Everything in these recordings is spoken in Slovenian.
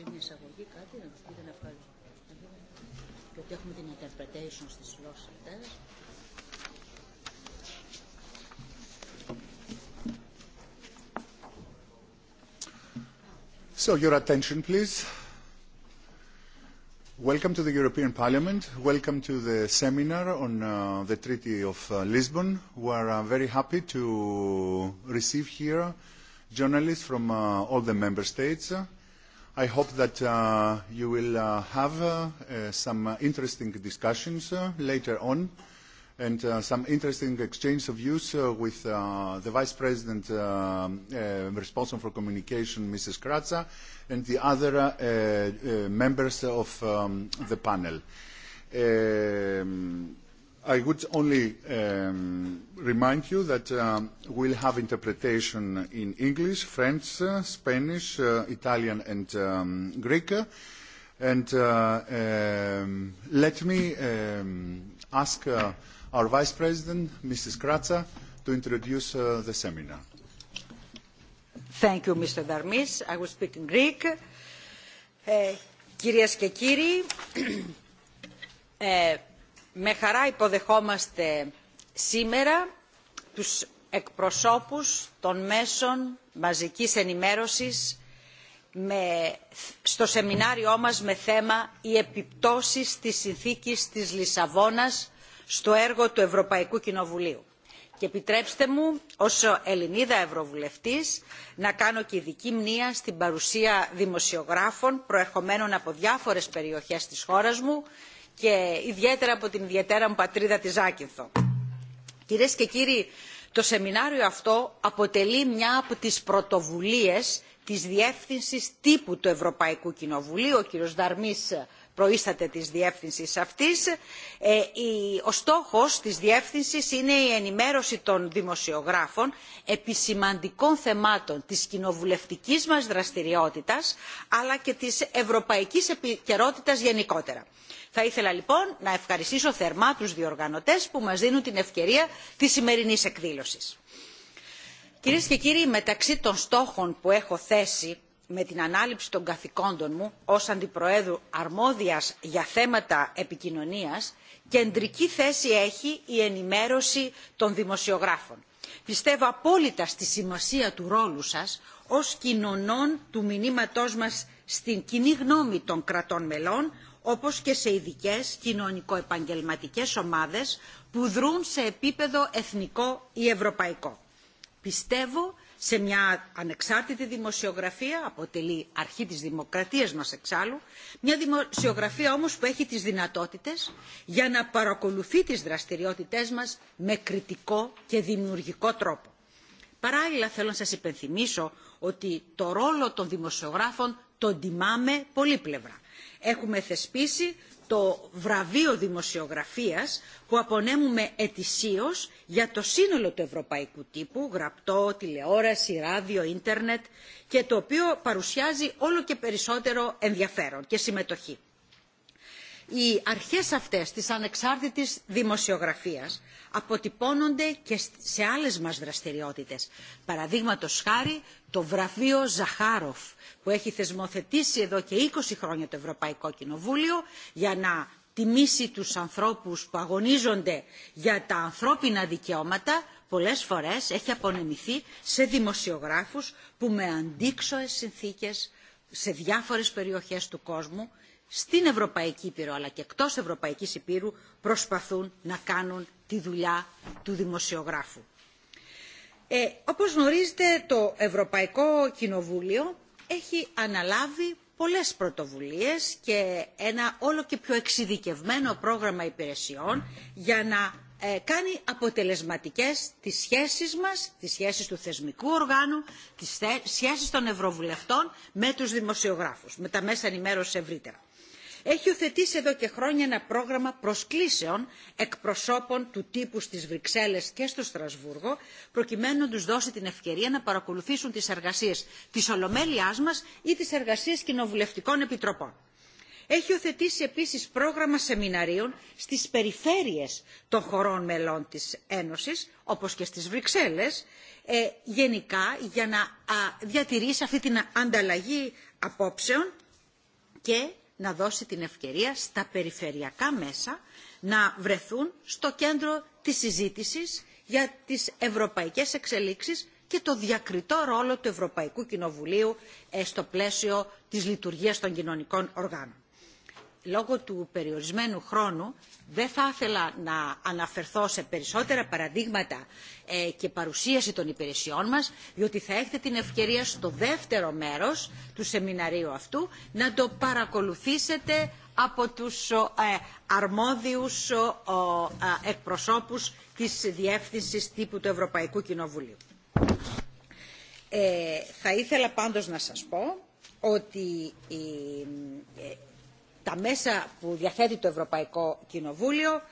έτσι μια εισαγωγή, κάτι να τους πείτε να βγάλω. Γιατί έχουμε την interpretation στις γλώσσες αυτές. So your attention, please. Welcome to the European Parliament. Welcome to the seminar on uh, the Treaty of uh, Lisbon. We are uh, very happy to receive here journalists from uh, all the member states. Uh, I hope that uh, you will uh, have uh, some interesting discussions uh, later on and uh, some interesting exchange of views uh, with uh, the Vice President uh, uh, responsible for communication, Mrs. Kratza, and the other uh, uh, members of um, the panel. Um, I would only um, remind you that um, we'll have interpretation in English, French, uh, Spanish, uh, Italian, and um, Greek. And uh, um, let me um, ask uh, our Vice President, Mrs. Kratza, to introduce uh, the seminar. Thank you, Mr. Darmis. I will speak in Greek. Uh, Κυρίες και κύριοι, uh, Με χαρά υποδεχόμαστε σήμερα τους εκπροσώπους των μέσων μαζικής ενημέρωσης με, στο σεμινάριό μας με θέμα «Οι επιπτώσεις της συνθήκης της Λισαβόνας στο έργο του Ευρωπαϊκού Κοινοβουλίου». Και επιτρέψτε μου, ως Ελληνίδα Ευρωβουλευτής, να κάνω και ειδική μνήμα στην παρουσία δημοσιογράφων προερχομένων από διάφορες περιοχές της χώρας μου, και ιδιαίτερα από την ιδιαίτερα μου πατρίδα τη Ζάκυνθο. Κυρίες και κύριοι, το σεμινάριο αυτό αποτελεί μια από τις πρωτοβουλίες της Διεύθυνσης Τύπου του Ευρωπαϊκού Κοινοβουλίου, ο κύριος Δαρμής προείσταται της διεύθυνσης αυτής. Ε, η, ο στόχος της διεύθυνσης είναι η ενημέρωση των δημοσιογράφων επί σημαντικών θεμάτων της κοινοβουλευτικής μας δραστηριότητας αλλά και της ευρωπαϊκής επικαιρότητα γενικότερα. Θα ήθελα λοιπόν να ευχαριστήσω θερμά τους διοργανωτές που μας δίνουν την ευκαιρία της σημερινής εκδήλωσης. Κυρίες και κύριοι, μεταξύ των στόχων που έχω θέσει με την ανάληψη των καθηκόντων μου ως Αντιπροέδρου αρμόδιας για θέματα επικοινωνίας, κεντρική θέση έχει η ενημέρωση των δημοσιογράφων. Πιστεύω απόλυτα στη σημασία του ρόλου σας ως κοινωνών του μηνύματός μας στην κοινή γνώμη των κρατών μελών, όπως και σε ειδικέ κοινωνικο-επαγγελματικές ομάδες που δρούν σε επίπεδο εθνικό ή ευρωπαϊκό. Πιστεύω σε μια ανεξάρτητη δημοσιογραφία, αποτελεί αρχή της δημοκρατίας μας εξάλλου, μια δημοσιογραφία όμως που έχει τις δυνατότητες για να παρακολουθεί τις δραστηριότητές μας με κριτικό και δημιουργικό τρόπο. Παράλληλα θέλω να σας υπενθυμίσω ότι το ρόλο των δημοσιογράφων τον τιμάμε πολύπλευρα. Έχουμε θεσπίσει το βραβείο δημοσιογραφίας που απονέμουμε ετησίως για το σύνολο του ευρωπαϊκού τύπου, γραπτό, τηλεόραση, ράδιο, ίντερνετ και το οποίο παρουσιάζει όλο και περισσότερο ενδιαφέρον και συμμετοχή. Οι αρχές αυτές της ανεξάρτητης δημοσιογραφίας αποτυπώνονται και σε άλλες μας δραστηριότητες. Παραδείγματος χάρη το βραβείο Ζαχάροφ που έχει θεσμοθετήσει εδώ και 20 χρόνια το Ευρωπαϊκό Κοινοβούλιο για να τιμήσει τους ανθρώπους που αγωνίζονται για τα ανθρώπινα δικαιώματα πολλές φορές έχει απονεμηθεί σε δημοσιογράφους που με αντίξωες συνθήκες σε διάφορες περιοχές του κόσμου στην Ευρωπαϊκή Ήπειρο αλλά και εκτός Ευρωπαϊκής Ήπειρου προσπαθούν να κάνουν τη δουλειά του δημοσιογράφου. Ε, όπως γνωρίζετε το Ευρωπαϊκό Κοινοβούλιο έχει αναλάβει πολλές πρωτοβουλίες και ένα όλο και πιο εξειδικευμένο πρόγραμμα υπηρεσιών για να ε, κάνει αποτελεσματικές τις σχέσεις μας, τις σχέσεις του θεσμικού οργάνου, τις θε, σχέσεις των ευρωβουλευτών με τους δημοσιογράφους, με τα μέσα ενημέρωση ευρύτερα έχει υιοθετήσει εδώ και χρόνια ένα πρόγραμμα προσκλήσεων εκπροσώπων του τύπου στις Βρυξέλλες και στο Στρασβούργο, προκειμένου να τους δώσει την ευκαιρία να παρακολουθήσουν τις εργασίες της Ολομέλειάς μας ή τις εργασίες κοινοβουλευτικών επιτροπών. Έχει υιοθετήσει επίσης πρόγραμμα σεμιναρίων στις περιφέρειες των χωρών μελών της Ένωσης, όπως και στις Βρυξέλλες, ε, γενικά για να α, διατηρήσει αυτή την ανταλλαγή απόψεων και να δώσει την ευκαιρία στα περιφερειακά μέσα να βρεθούν στο κέντρο της συζήτησης για τις ευρωπαϊκές εξελίξεις και το διακριτό ρόλο του Ευρωπαϊκού Κοινοβουλίου στο πλαίσιο της λειτουργίας των κοινωνικών οργάνων λόγω του περιορισμένου χρόνου δεν θα ήθελα να αναφερθώ σε περισσότερα παραδείγματα ε, και παρουσίαση των υπηρεσιών μας, διότι θα έχετε την ευκαιρία στο δεύτερο μέρος του σεμιναρίου αυτού να το παρακολουθήσετε από τους ε, αρμόδιους ε, ε, εκπροσώπους της Διεύθυνσης Τύπου του Ευρωπαϊκού Κοινοβουλίου. Ε, θα ήθελα πάντως να σας πω ότι τα μέσα που διαθέτει το Ευρωπαϊκό Κοινοβούλιο,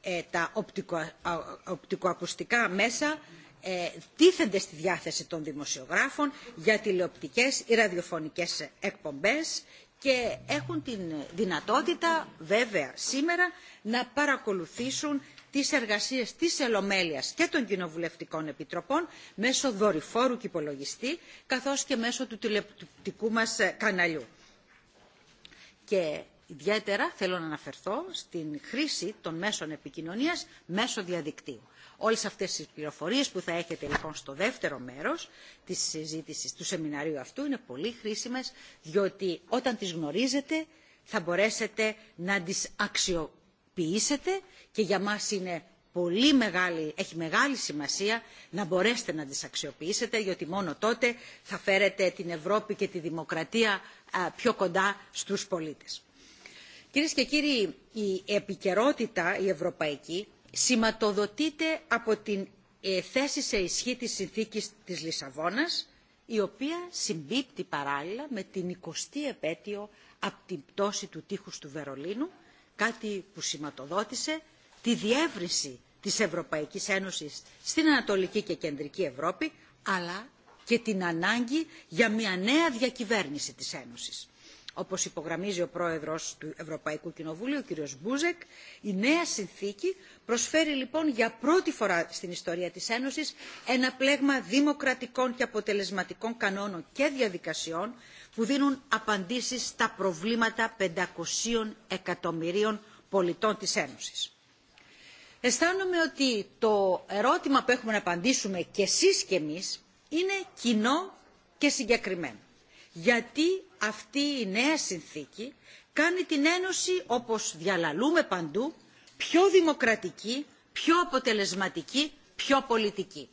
ε, τα οπτικο, α, οπτικοακουστικά μέσα, ε, τίθενται στη διάθεση των δημοσιογράφων για τηλεοπτικές ή ραδιοφωνικές εκπομπές και έχουν την δυνατότητα βέβαια σήμερα να παρακολουθήσουν τις εργασίες της Ελομέλειας και των Κοινοβουλευτικών Επιτροπών μέσω δορυφόρου και υπολογιστή καθώς και μέσω του τηλεοπτικού μας καναλιού. Και Ιδιαίτερα θέλω να αναφερθώ στην χρήση των μέσων επικοινωνίας μέσω διαδικτύου. Όλες αυτές τις πληροφορίες που θα έχετε λοιπόν στο δεύτερο μέρος της συζήτησης του σεμιναρίου αυτού είναι πολύ χρήσιμες διότι όταν τις γνωρίζετε θα μπορέσετε να τις αξιοποιήσετε και για μας είναι πολύ μεγάλη, έχει μεγάλη σημασία να μπορέσετε να τις αξιοποιήσετε γιατί μόνο τότε θα φέρετε την Ευρώπη και τη δημοκρατία πιο κοντά στους πολίτες. Κυρίες και κύριοι, η επικαιρότητα η ευρωπαϊκή σηματοδοτείται από την ε, θέση σε ισχύ της συνθήκης της Λισαβόνας, η οποία συμπίπτει παράλληλα με την 20η επέτειο από την πτώση του τείχους του Βερολίνου, κάτι που σηματοδότησε τη διεύρυνση της Ευρωπαϊκής Ένωσης στην Ανατολική και Κεντρική Ευρώπη, αλλά και την ανάγκη για μια νέα διακυβέρνηση της Ένωσης όπως υπογραμμίζει ο πρόεδρος του Ευρωπαϊκού Κοινοβουλίου, ο κ. Μπούζεκ. Η νέα συνθήκη προσφέρει λοιπόν για πρώτη φορά στην ιστορία της Ένωσης ένα πλέγμα δημοκρατικών και αποτελεσματικών κανόνων και διαδικασιών που δίνουν απαντήσεις στα προβλήματα 500 εκατομμυρίων πολιτών της Ένωσης. Αισθάνομαι ότι το ερώτημα που έχουμε να απαντήσουμε και εσείς και εμείς είναι κοινό και συγκεκριμένο. Γιατί αυτή η νέα συνθήκη κάνει την Ένωση, όπως διαλαλούμε παντού, πιο δημοκρατική, πιο αποτελεσματική, πιο πολιτική.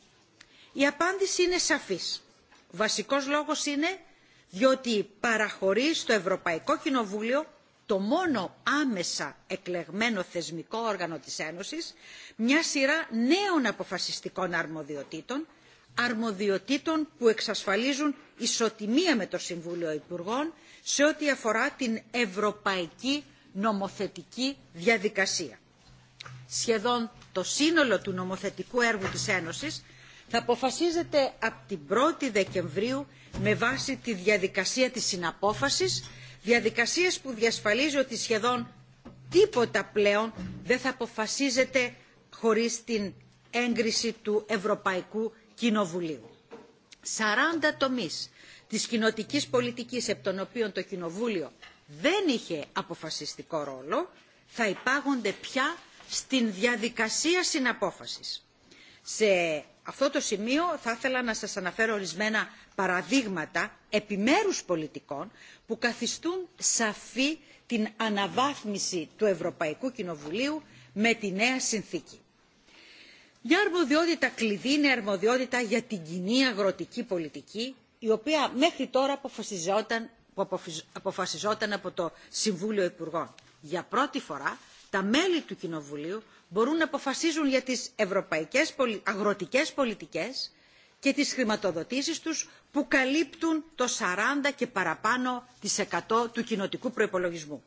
Η απάντηση είναι σαφής. Βασικός λόγος είναι διότι παραχωρεί στο Ευρωπαϊκό Κοινοβούλιο το μόνο άμεσα εκλεγμένο θεσμικό όργανο της Ένωσης μια σειρά νέων αποφασιστικών αρμοδιοτήτων αρμοδιοτήτων που εξασφαλίζουν ισοτιμία με το Συμβούλιο Υπουργών σε ό,τι αφορά την ευρωπαϊκή νομοθετική διαδικασία. Σχεδόν το σύνολο του νομοθετικού έργου της Ένωσης θα αποφασίζεται από την 1η Δεκεμβρίου με βάση τη διαδικασία της συναπόφασης, διαδικασίες που διασφαλίζει ότι σχεδόν τίποτα πλέον δεν θα αποφασίζεται χωρίς την έγκριση του Ευρωπαϊκού Κοινοβουλίου. 40 τομείς της κοινοτικής πολιτικής, επ των οποίων το Κοινοβούλιο δεν είχε αποφασιστικό ρόλο, θα υπάγονται πια στην διαδικασία συναπόφασης. Σε αυτό το σημείο θα ήθελα να σας αναφέρω ορισμένα παραδείγματα επιμέρους πολιτικών που καθιστούν σαφή την αναβάθμιση του Ευρωπαϊκού Κοινοβουλίου με τη νέα συνθήκη. Μια αρμοδιότητα κλειδί είναι αρμοδιότητα για την κοινή αγροτική πολιτική, η οποία μέχρι τώρα αποφασιζόταν, που αποφασιζόταν από το Συμβούλιο Υπουργών. Για πρώτη φορά, τα μέλη του Κοινοβουλίου μπορούν να αποφασίζουν για τις ευρωπαϊκές πολι... αγροτικές πολιτικές και τις χρηματοδοτήσεις τους που καλύπτουν το 40 και παραπάνω της 100 του κοινοτικού προϋπολογισμού.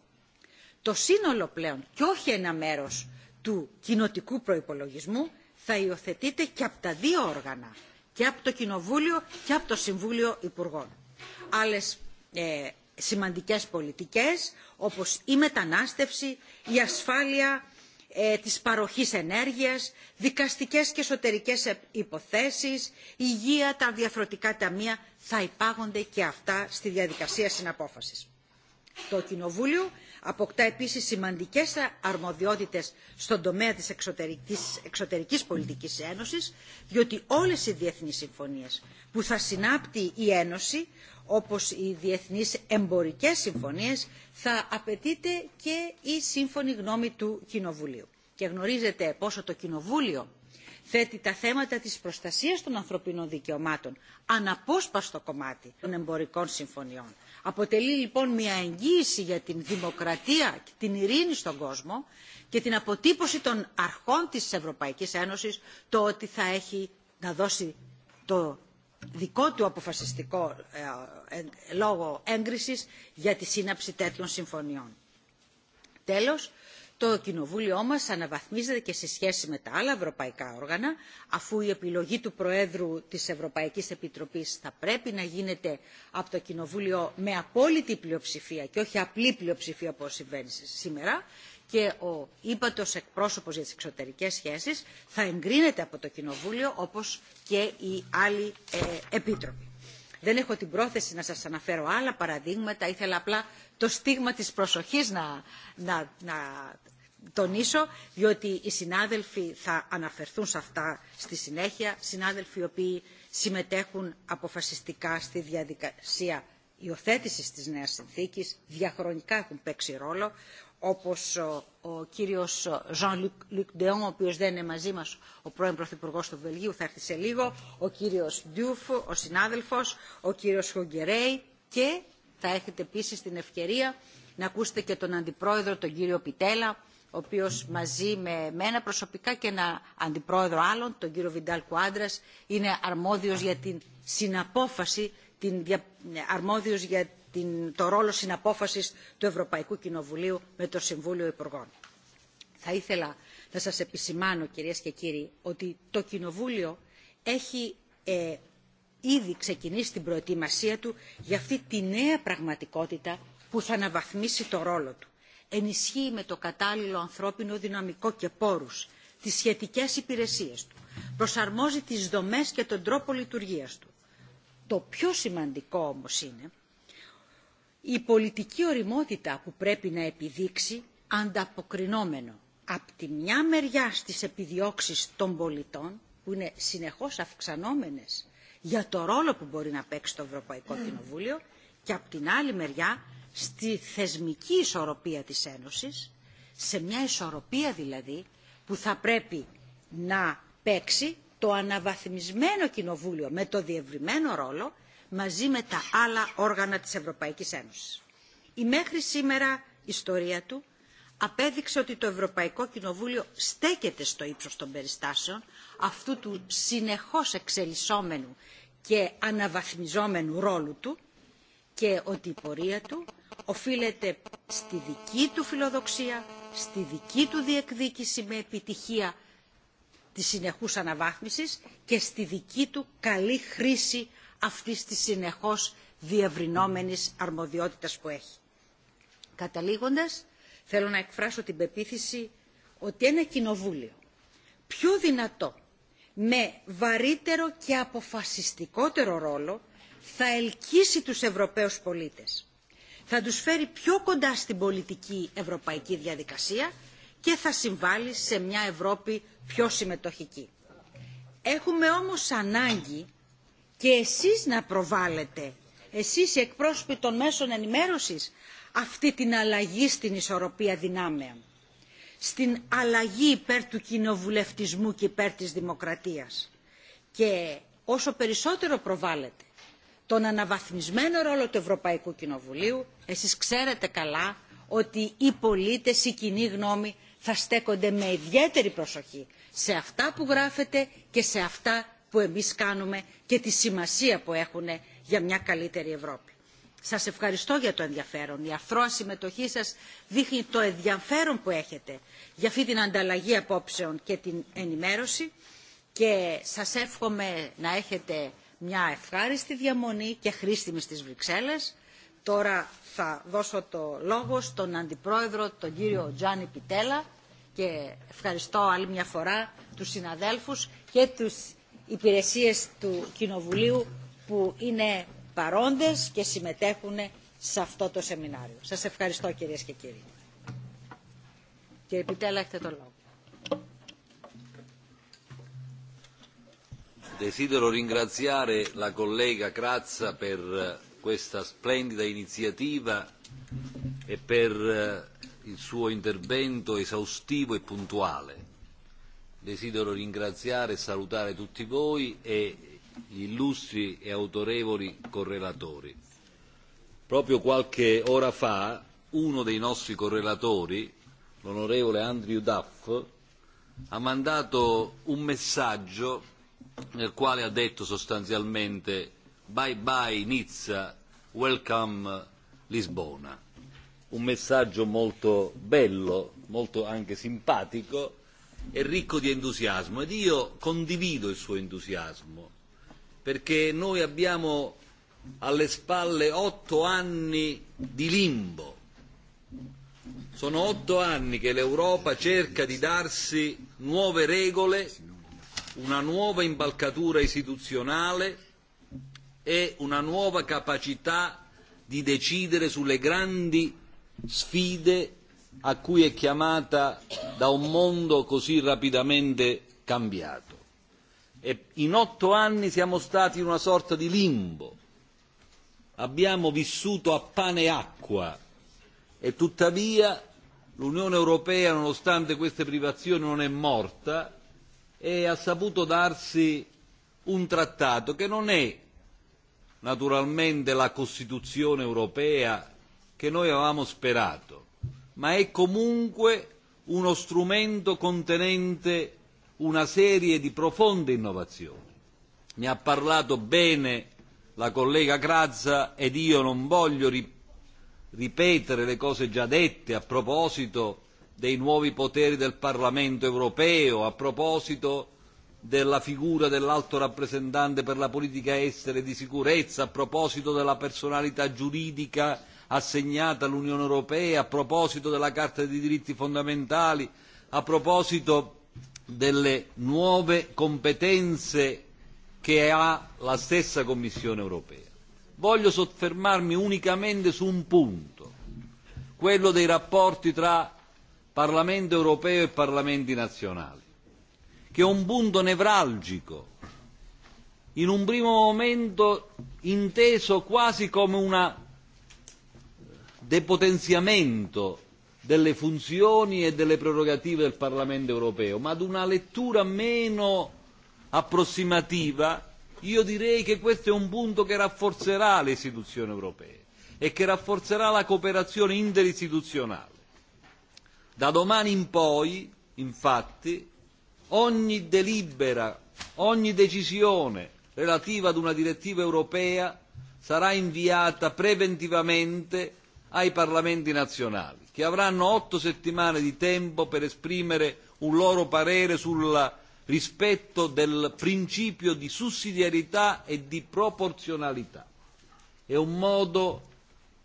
Το σύνολο πλέον και όχι ένα μέρος του κοινοτικού προϋπολογισμού θα υιοθετείται και από τα δύο όργανα, και από το Κοινοβούλιο και από το Συμβούλιο Υπουργών. Άλλες ε, σημαντικές πολιτικές, όπως η μετανάστευση, η ασφάλεια ε, της παροχής ενέργειας, δικαστικές και εσωτερικές υποθέσεις, υγεία, τα διαφροτικά ταμεία, θα υπάγονται και αυτά στη διαδικασία συναπόφασης. Το Κοινοβούλιο αποκτά επίσης σημαντικές αρμοδιότητες στον τομέα της εξωτερικής, εξωτερικής πολιτικής ένωσης, διότι όλες οι διεθνείς συμφωνίες που θα συνάπτει η Ένωση, όπως οι διεθνείς εμπορικές συμφωνίες, θα απαιτείται και η σύμφωνη γνώμη του Κοινοβουλίου. Και γνωρίζετε πόσο το Κοινοβούλιο θέτει τα θέματα της προστασίας των ανθρωπίνων δικαιωμάτων αναπόσπαστο κομμάτι των εμπορικών συμφωνιών αποτελεί λοιπόν μια εγγύηση για την δημοκρατία και την ειρήνη στον κόσμο και την αποτύπωση των αρχών της Ευρωπαϊκής Ένωσης το ότι θα έχει να δώσει το δικό του αποφασιστικό ε, ε, λόγο έγκρισης για τη σύναψη τέτοιων συμφωνιών. Τέλος, Το Κοινοβούλιο μας αναβαθμίζεται και σε σχέση με τα άλλα ευρωπαϊκά όργανα, αφού η επιλογή του Προέδρου της Ευρωπαϊκής Επιτροπής θα πρέπει να γίνεται από το Κοινοβούλιο με απόλυτη πλειοψηφία και όχι απλή πλειοψηφία όπως συμβαίνει σήμερα, και ο ύπατος εκπρόσωπος για τις εξωτερικές σχέσεις θα εγκρίνεται από το Κοινοβούλιο όπως και οι άλλοι ε, επίτροποι. Δεν έχω την πρόθεση να σας αναφέρω άλλα παραδείγματα, ήθελα απλά το στίγμα της προσοχής να, να, να τονίσω, διότι οι συνάδελφοι θα αναφερθούν σε αυτά στη συνέχεια, συνάδελφοι οι οποίοι συμμετέχουν αποφασιστικά στη διαδικασία υιοθέτησης της νέας συνθήκης, διαχρονικά έχουν παίξει ρόλο, όπως ο, ο κύριος Jean-Luc Deon, ο οποίος δεν είναι μαζί μας, ο πρώην Πρωθυπουργό του Βελγίου, θα έρθει σε λίγο, ο κύριος Ντιούφ, ο συνάδελφος, ο κύριος Χογκερέι και θα έχετε επίση την ευκαιρία να ακούσετε και τον αντιπρόεδρο τον κύριο Πιτέλα ο οποίος μαζί με μένα προσωπικά και ένα αντιπρόεδρο άλλων, τον κύριο Βιντάλ Κουάντρας, είναι αρμόδιος για την συναπόφαση, την δια... αρμόδιος για την... το ρόλο συναπόφασης του Ευρωπαϊκού Κοινοβουλίου με το Συμβούλιο Υπουργών. Θα ήθελα να σας επισημάνω, κυρίες και κύριοι, ότι το Κοινοβούλιο έχει ε, ήδη ξεκινήσει την προετοιμασία του για αυτή τη νέα πραγματικότητα που θα αναβαθμίσει το ρόλο του. Ενισχύει με το κατάλληλο ανθρώπινο δυναμικό και πόρους τις σχετικές υπηρεσίες του. Προσαρμόζει τις δομές και τον τρόπο λειτουργίας του. Το πιο σημαντικό όμως είναι η πολιτική οριμότητα που πρέπει να επιδείξει ανταποκρινόμενο από τη μια μεριά στις επιδιώξεις των πολιτών που είναι συνεχώς αυξανόμενες για το ρόλο που μπορεί να παίξει το Ευρωπαϊκό mm. Κοινοβούλιο και από την άλλη μεριά στη θεσμική ισορροπία της Ένωσης, σε μια ισορροπία δηλαδή που θα πρέπει να παίξει το αναβαθμισμένο κοινοβούλιο με το διευρυμένο ρόλο μαζί με τα άλλα όργανα της Ευρωπαϊκής Ένωσης. Η μέχρι σήμερα ιστορία του απέδειξε ότι το Ευρωπαϊκό Κοινοβούλιο στέκεται στο ύψος των περιστάσεων αυτού του συνεχώς εξελισσόμενου και αναβαθμιζόμενου ρόλου του και ότι η πορεία του οφείλεται στη δική του φιλοδοξία, στη δική του διεκδίκηση με επιτυχία της συνεχούς αναβάθμισης και στη δική του καλή χρήση αυτής της συνεχώς διευρυνόμενης αρμοδιότητας που έχει. Καταλήγοντας, θέλω να εκφράσω την πεποίθηση ότι ένα κοινοβούλιο πιο δυνατό με βαρύτερο και αποφασιστικότερο ρόλο θα ελκύσει τους Ευρωπαίους πολίτες. Θα τους φέρει πιο κοντά στην πολιτική ευρωπαϊκή διαδικασία και θα συμβάλλει σε μια Ευρώπη πιο συμμετοχική. Έχουμε όμως ανάγκη και εσείς να προβάλλετε, εσείς οι εκπρόσωποι των μέσων ενημέρωσης, αυτή την αλλαγή στην ισορροπία δυνάμεων. Στην αλλαγή υπέρ του κοινοβουλευτισμού και υπέρ της δημοκρατίας. Και όσο περισσότερο προβάλλεται τον αναβαθμισμένο ρόλο του Ευρωπαϊκού Κοινοβουλίου, εσείς ξέρετε καλά ότι οι πολίτες, η κοινή γνώμη θα στέκονται με ιδιαίτερη προσοχή σε αυτά που γράφεται και σε αυτά που εμείς κάνουμε και τη σημασία που έχουν για μια καλύτερη Ευρώπη. Σας ευχαριστώ για το ενδιαφέρον. Η αφρόα συμμετοχή σας δείχνει το ενδιαφέρον που έχετε για αυτή την ανταλλαγή απόψεων και την ενημέρωση και σας εύχομαι να έχετε μια ευχάριστη διαμονή και χρήσιμη στις Βρυξέλλες. Τώρα θα δώσω το λόγο στον Αντιπρόεδρο, τον κύριο Τζάνι Πιτέλα και ευχαριστώ άλλη μια φορά τους συναδέλφους και τις υπηρεσίες του Κοινοβουλίου που είναι παρόντες και συμμετέχουν σε αυτό το σεμινάριο. Σας ευχαριστώ κυρίες και κύριοι. Και επιτέλεχτε το λόγο. Desidero ringraziare la collega Crazza per eh, questa splendida iniziativa e per eh, il suo intervento esaustivo e puntuale. Desidero ringraziare e salutare tutti voi e gli illustri e autorevoli correlatori. Proprio qualche ora fa uno dei nostri correlatori, l'onorevole Andrew Duff, ha mandato un messaggio nel quale ha detto sostanzialmente bye bye Nizza, welcome Lisbona. Un messaggio molto bello, molto anche simpatico e ricco di entusiasmo ed io condivido il suo entusiasmo perché noi abbiamo alle spalle otto anni di limbo. Sono otto anni che l'Europa cerca di darsi nuove regole, una nuova impalcatura istituzionale e una nuova capacità di decidere sulle grandi sfide a cui è chiamata da un mondo così rapidamente cambiato. E in otto anni siamo stati in una sorta di limbo. Abbiamo vissuto a pane e acqua e tuttavia l'Unione Europea, nonostante queste privazioni, non è morta e ha saputo darsi un trattato che non è naturalmente la Costituzione europea che noi avevamo sperato, ma è comunque uno strumento contenente una serie di profonde innovazioni. Ne ha parlato bene la collega Grazza ed io non voglio ripetere le cose già dette a proposito dei nuovi poteri del Parlamento europeo, a proposito della figura dell'alto rappresentante per la politica estera e di sicurezza, a proposito della personalità giuridica assegnata all'Unione europea, a proposito della Carta dei diritti fondamentali, a proposito delle nuove competenze che ha la stessa Commissione europea. Voglio soffermarmi unicamente su un punto, quello dei rapporti tra Parlamento europeo e Parlamenti nazionali, che è un punto nevralgico, in un primo momento inteso quasi come un depotenziamento delle funzioni e delle prerogative del Parlamento europeo, ma ad una lettura meno approssimativa, io direi che questo è un punto che rafforzerà le istituzioni europee e che rafforzerà la cooperazione interistituzionale. Da domani in poi, infatti, ogni delibera, ogni decisione relativa ad una direttiva europea sarà inviata preventivamente ai parlamenti nazionali, che avranno otto settimane di tempo per esprimere un loro parere sul rispetto del principio di sussidiarietà e di proporzionalità. È un modo,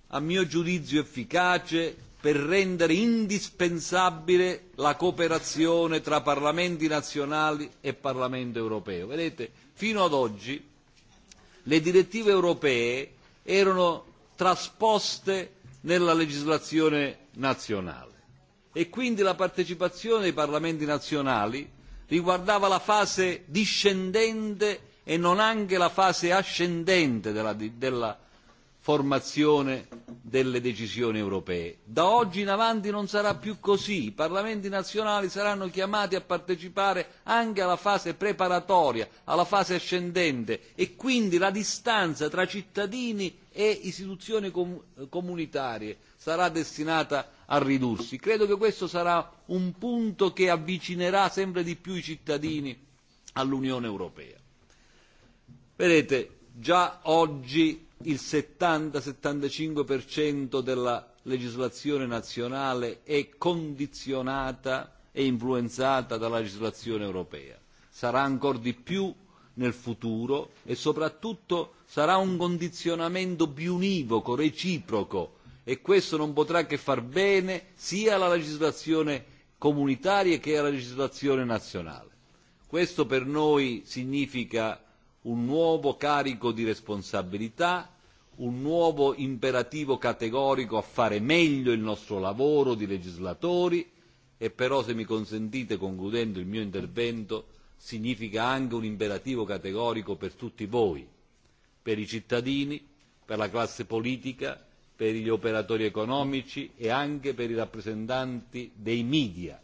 a mio giudizio, efficace per rendere indispensabile la cooperazione tra parlamenti nazionali e Parlamento europeo. Vedete, fino ad oggi le direttive europee erano trasposte nella legislazione nazionale e quindi la partecipazione dei parlamenti nazionali riguardava la fase discendente e non anche la fase ascendente della, della formazione delle decisioni europee. Da oggi in avanti non sarà più così, i parlamenti nazionali saranno chiamati a partecipare anche alla fase preparatoria, alla fase ascendente e quindi la distanza tra cittadini e istituzioni com- comunitarie sarà destinata a ridursi. Credo che questo sarà un punto che avvicinerà sempre di più i cittadini all'Unione Europea. Vedete, già oggi il 70-75% della legislazione nazionale è condizionata e influenzata dalla legislazione europea. Sarà ancora di più nel futuro e soprattutto sarà un condizionamento biunivoco, reciproco e questo non potrà che far bene sia alla legislazione comunitaria che alla legislazione nazionale. Questo per noi significa un nuovo carico di responsabilità, un nuovo imperativo categorico a fare meglio il nostro lavoro di legislatori e però, se mi consentite, concludendo il mio intervento, significa anche un imperativo categorico per tutti voi, per i cittadini, per la classe politica, per gli operatori economici e anche per i rappresentanti dei media,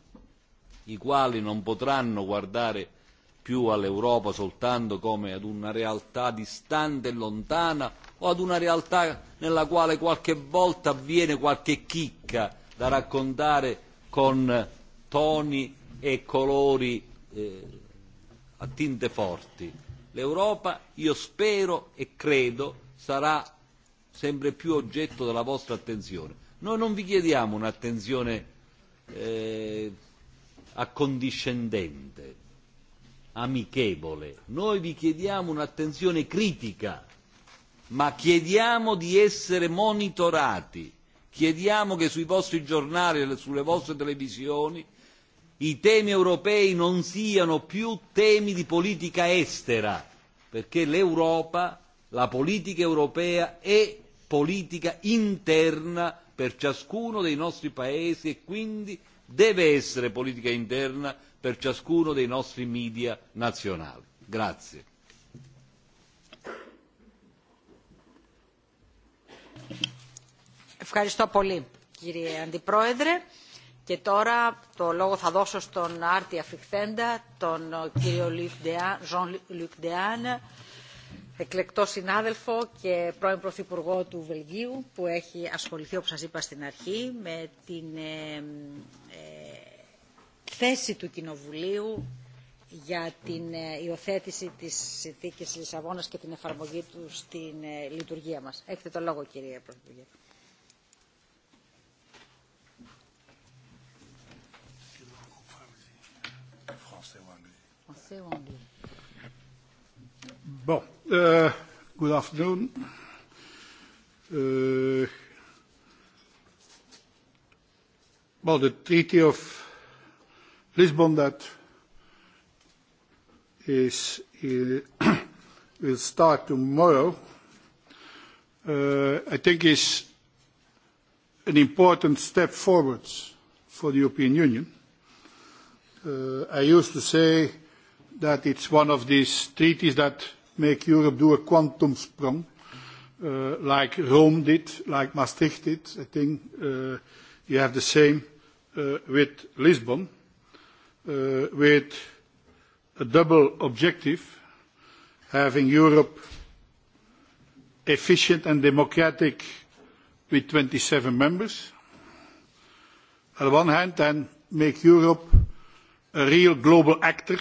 i quali non potranno guardare più all'Europa soltanto come ad una realtà distante e lontana o ad una realtà nella quale qualche volta avviene qualche chicca da raccontare con toni e colori eh, a tinte forti. L'Europa, io spero e credo, sarà sempre più oggetto della vostra attenzione. Noi non vi chiediamo un'attenzione eh, accondiscendente, amichevole, noi vi chiediamo un'attenzione critica, ma chiediamo di essere monitorati, chiediamo che sui vostri giornali e sulle vostre televisioni i temi europei non siano più temi di politica estera, perché l'Europa, la politica europea è politica interna per ciascuno dei nostri paesi e quindi deve essere politica interna per ciascuno dei nostri media nazionali. Grazie. Ευχαριστώ πολύ κύριε Αντιπρόεδρε και τώρα το λόγο θα δώσω στον Άρτη Αφιχθέντα, τον κύριο Ζων Λουκ Ντεάν, εκλεκτό συνάδελφο και πρώην Πρωθυπουργό του Βελγίου που έχει ασχοληθεί όπως σας είπα στην αρχή με την ε, ε, θέση του Κοινοβουλίου για την υιοθέτηση της συνθήκης Λισαβόνας και την εφαρμογή του στην λειτουργία μας. Έχετε το λόγο, κυρία Πρωθυπουργέ. Bon, uh, good afternoon. Uh, well, the Treaty of Lisbon that is uh, will start tomorrow. Uh, I think is an important step forward for the European Union. Uh, I used to say that it's one of these treaties that make Europe do a quantum sprung, uh, like Rome did, like Maastricht did. I think uh, you have the same uh, with Lisbon uh, with a double objective having Europe efficient and democratic with 27 members. On the one hand, and make Europe a real global actor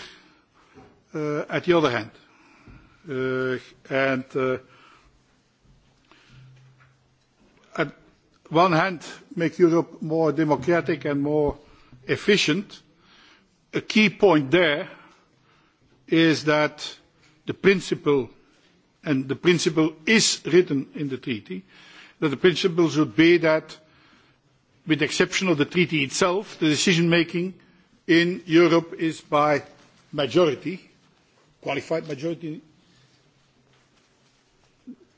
uh, at the other hand. Uh, and uh, at one hand, make Europe more democratic and more efficient uh, a key point there is that the principle, and the principle is written in the treaty, that the principle should be that, with the exception of the treaty itself, the decision making in Europe is by majority, qualified majority.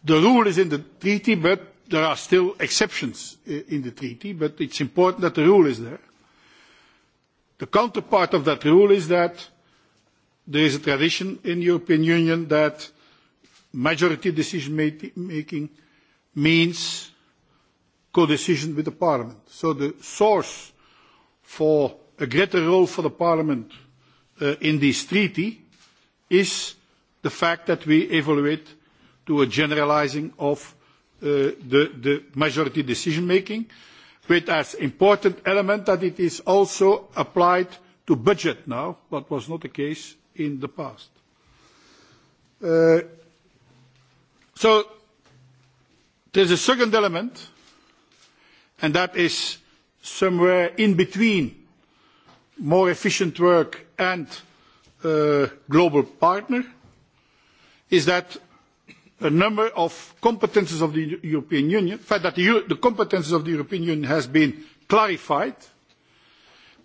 The rule is in the treaty, but there are still exceptions eh, in the treaty, but it's important that the rule is there. The counterpart of that rule is that there is a tradition in the European Union that majority decision making means co-decision with the parliament. So the source for a greater role for the parliament uh, in this treaty is the fact that we evaluate to a generalizing of uh, the, the majority decision making with as important element that it is also applied to budget now, what was not the case in the past. Uh, there's a second element, and that is somewhere in between more efficient work and uh, global partner, is that a number of competences of the European Union, the fact that the, Euro the competences of the European Union has been clarified,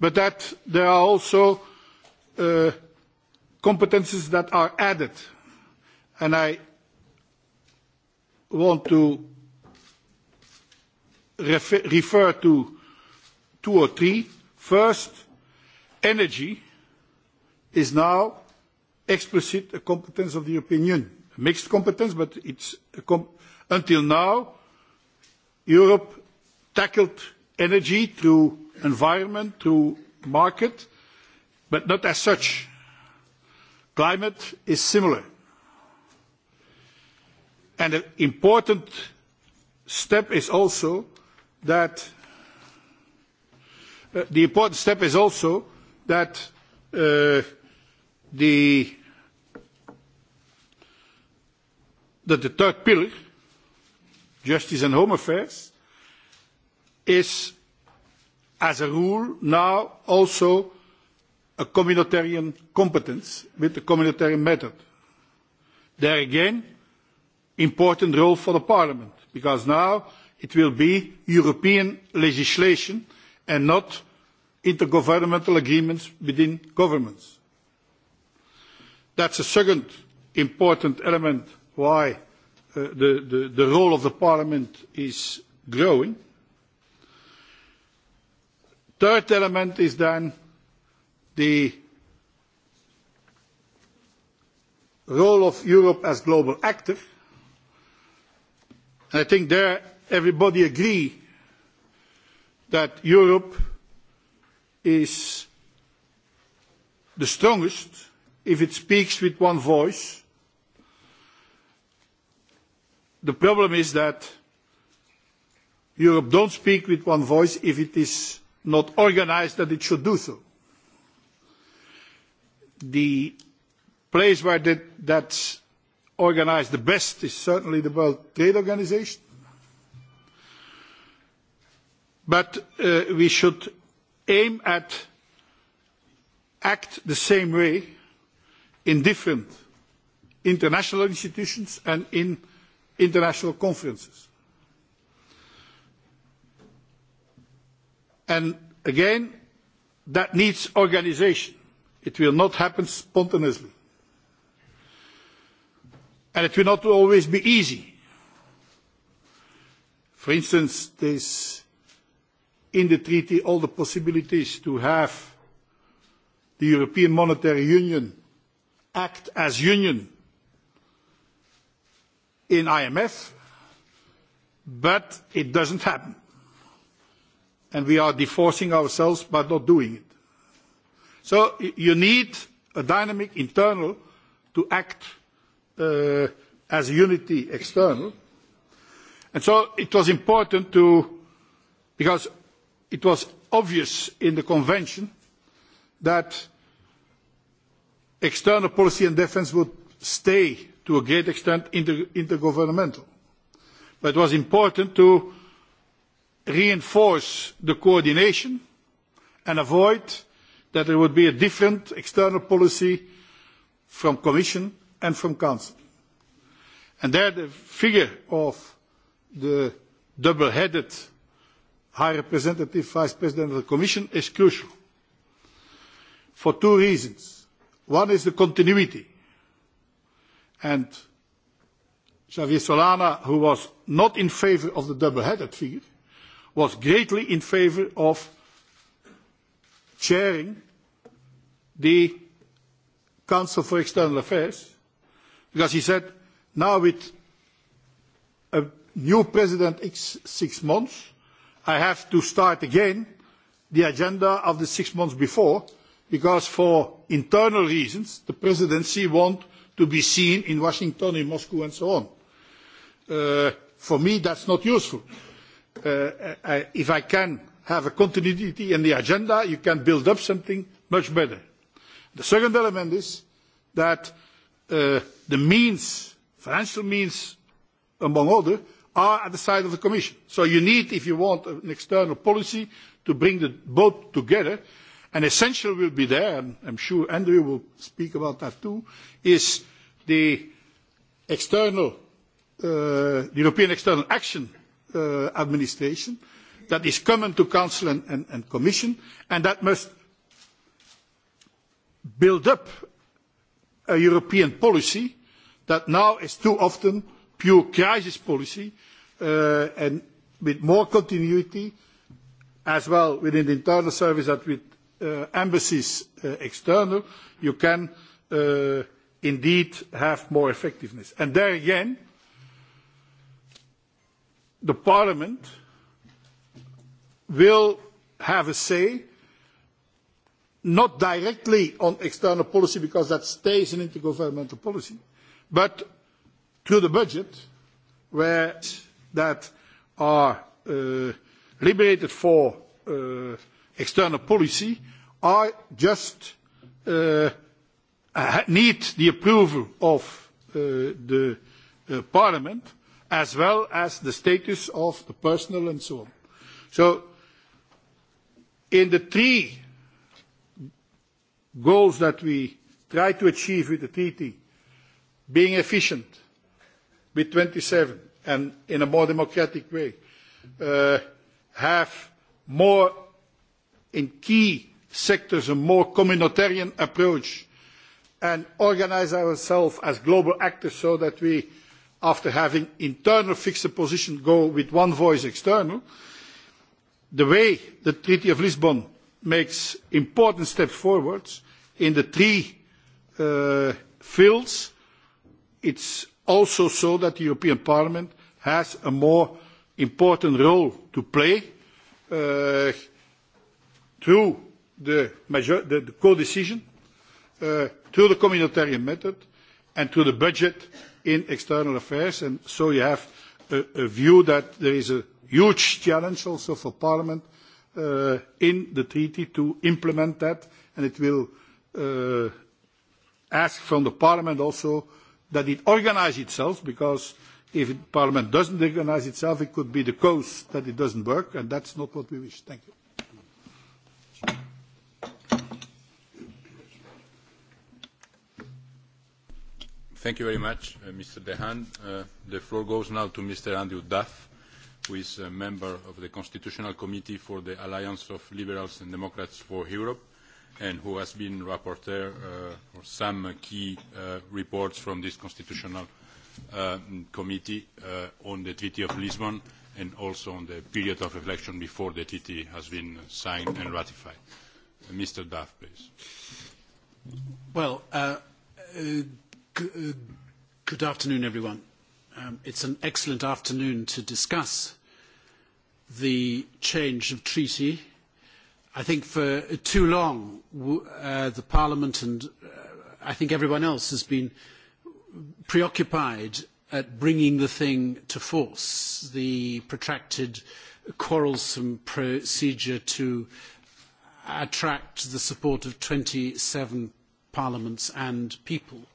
but that there are also uh, competences that are added. And I want to refer, refer to two or three. First, energy is now explicit a competence of the European Union mixed competence, but it's com- until now, Europe tackled energy through environment, through market, but not as such. Climate is similar. And an important step is also that uh, the important step is also that uh, the that the third pillar, justice and home affairs, is as a rule now also a communitarian competence with the communitarian method. There again, important role for the parliament because now it will be European legislation and not intergovernmental agreements within governments. That's a second important element why uh, the, the, the role of the parliament is growing. Third element is then the role of Europe as global actor. And I think there everybody agree that Europe is the strongest if it speaks with one voice the problem is that Europe don't speak with one voice if it is not organized that it should do so. The place where that, that's organized the best is certainly the World Trade Organization. But uh, we should aim at act the same way in different international institutions and in international conferences. And again, that needs organization. It will not happen spontaneously. And it will not always be easy. For instance, there's in the treaty all the possibilities to have the European Monetary Union act as union in IMF, but it doesn't happen. And we are divorcing ourselves by not doing it. So you need a dynamic internal to act uh, as unity external. And so it was important to, because it was obvious in the convention that external policy and defense would stay to a great extent inter intergovernmental. But it was important to reinforce the coordination and avoid that there would be a different external policy from Commission and from Council. And there the figure of the double-headed High Representative Vice President of the Commission is crucial for two reasons. One is the continuity and Xavier Solana, who was not in favor of the double-headed figure, was greatly in favor of chairing the Council for External Affairs, because he said, now with a new president in six months, I have to start again the agenda of the six months before, because for internal reasons, the presidency wants to be seen in Washington, in Moscow, and so on. Uh, for me, that's not useful. Uh, I, if I can have a continuity in the agenda, you can build up something much better. The second element is that uh, the means, financial means, among other, are at the side of the Commission. So you need, if you want, an external policy to bring the both together. Essential will be there, and I'm sure Andrew will speak about that too, is the external, uh, the European External Action uh, Administration that is common to Council and Commission, and that must build up a European policy that now is too often pure crisis policy, uh, and with more continuity as well within the internal service that with uh, embassies uh, external, you can uh, indeed have more effectiveness. And there again, the Parliament will have a say, not directly on external policy because that stays an intergovernmental policy, but through the budget where that are uh, liberated for uh, external policy are just uh, need the approval of uh, the uh, parliament as well as the status of the personal and so on. So in the three goals that we try to achieve with the treaty, being efficient with 27 and in a more democratic way, uh, have more in key sectors a more communitarian approach and organize ourselves as global actors so that we, after having internal fixed position, go with one voice external. The way the Treaty of Lisbon makes important steps forward in the three uh, fields, it's also so that the European Parliament has a more important role to play uh, to the, major, the, the co-decision, uh, to the communitarian method, and to the budget in external affairs. And so you have a, a view that there is a huge challenge also for Parliament uh, in the treaty to implement that, and it will uh, ask from the Parliament also that it organize itself, because if Parliament doesn't organize itself, it could be the cause that it doesn't work, and that's not what we wish. Thank you. thank you very much uh, mr dehan uh, the floor goes now to mr andrew duff who is a member of the constitutional committee for the alliance of liberals and democrats for europe and who has been rapporteur uh, for some key uh, reports from this constitutional uh, committee uh, on the treaty of lisbon and also on the period of election before the treaty has been signed and ratified uh, mr duff please well uh, uh, Uh, good afternoon, everyone. Um, it's an excellent afternoon to discuss the change of treaty. I think for too long, uh, the Parliament and uh, I think everyone else has been preoccupied at bringing the thing to force, the protracted, quarrelsome procedure to attract the support of 27 parliaments and peoples.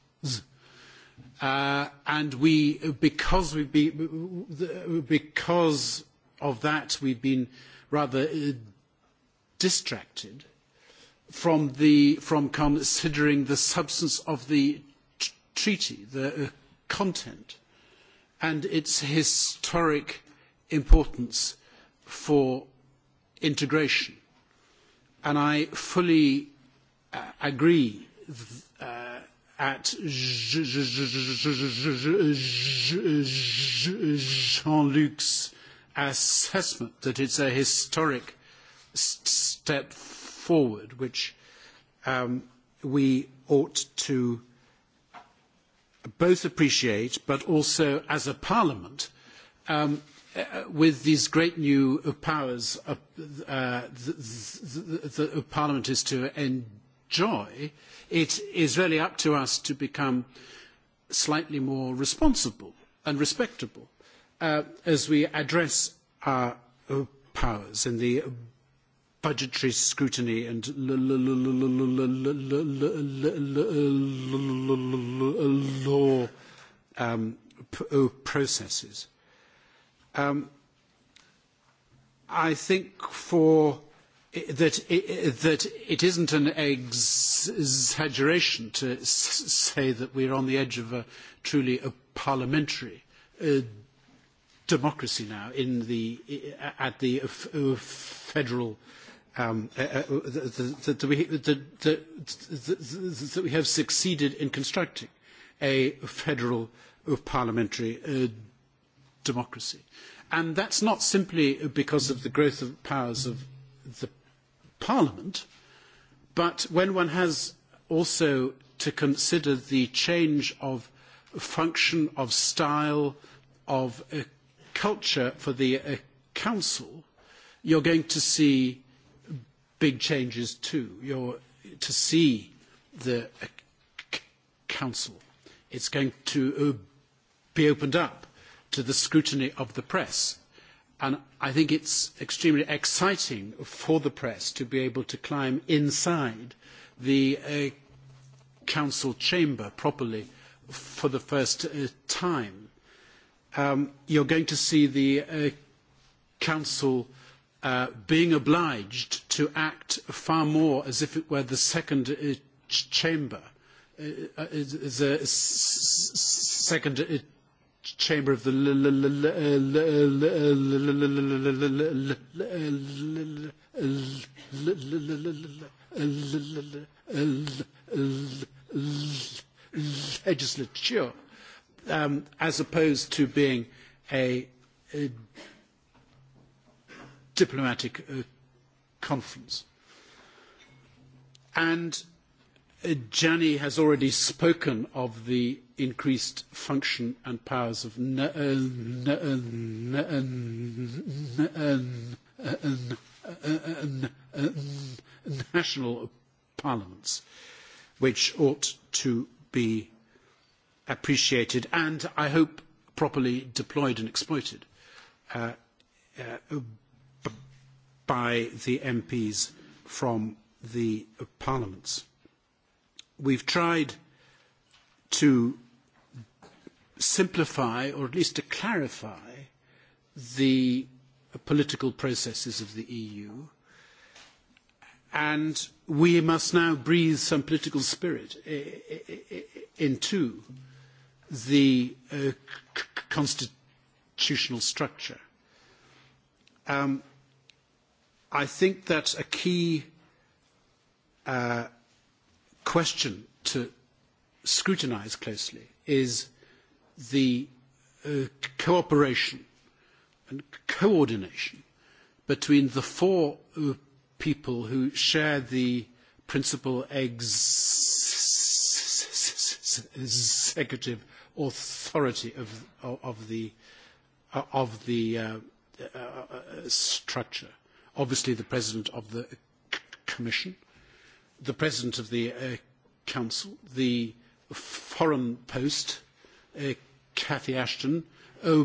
Uh, and because of that, we've been rather uh, distracted from considering the substance of the treaty, the uh, content, and its historic importance for integration. And I fully agree at Jean-Luc's assessment that it's a historic step forward, which um, we ought to both appreciate, but also as a parliament, um, uh, with these great new powers uh, uh, that the, the, the parliament is to end joy, it is really up to us to become slightly more responsible and respectable uh, as we address our powers in the budgetary scrutiny and law processes. I think for that it, that it isn't an ex exaggeration to s say that we're on the edge of a truly a parliamentary uh, democracy now in the at the uh, uh, federal um, uh, uh, that we that, that, that we have succeeded in constructing a federal uh, parliamentary uh, democracy, and that's not simply because of the growth of powers of the Parliament, but when one has also to consider the change of function, of style, of uh, culture for the uh, council, you're going to see big changes too. You're to see the uh, c- council. It's going to uh, be opened up to the scrutiny of the press. And I think it's extremely exciting for the press to be able to climb inside the uh, council chamber properly for the first uh, time. Um, you're going to see the uh, council uh, being obliged to act far more as if it were the second uh, ch chamber. Uh, uh, is, is a s s second uh, chamber of the legislature um, as opposed to being a, a diplomatic uh, conference and Jani uh, has already spoken of the increased function and powers of national parliaments, which ought to be appreciated and, I hope, properly deployed and exploited uh, uh, by the MPs from the parliaments we've tried to simplify or at least to clarify the political processes of the EU and we must now breathe some political spirit into the uh, c constitutional structure. Um, I think that a key uh, question to scrutinize closely is the uh, cooperation and coordination between the four uh, people who share the principal executive authority of of the uh, of the uh, uh, uh, structure obviously the president of the commission the president of the uh, council, the foreign post, uh, Cathy Ashton, uh,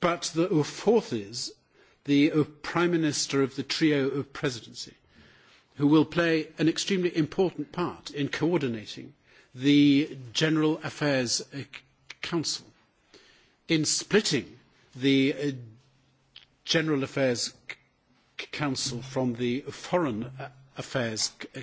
but the uh, fourth is the uh, prime minister of the trio of presidency, who will play an extremely important part in coordinating the general affairs uh, council, in splitting the uh, general affairs council from the foreign uh, affairs council.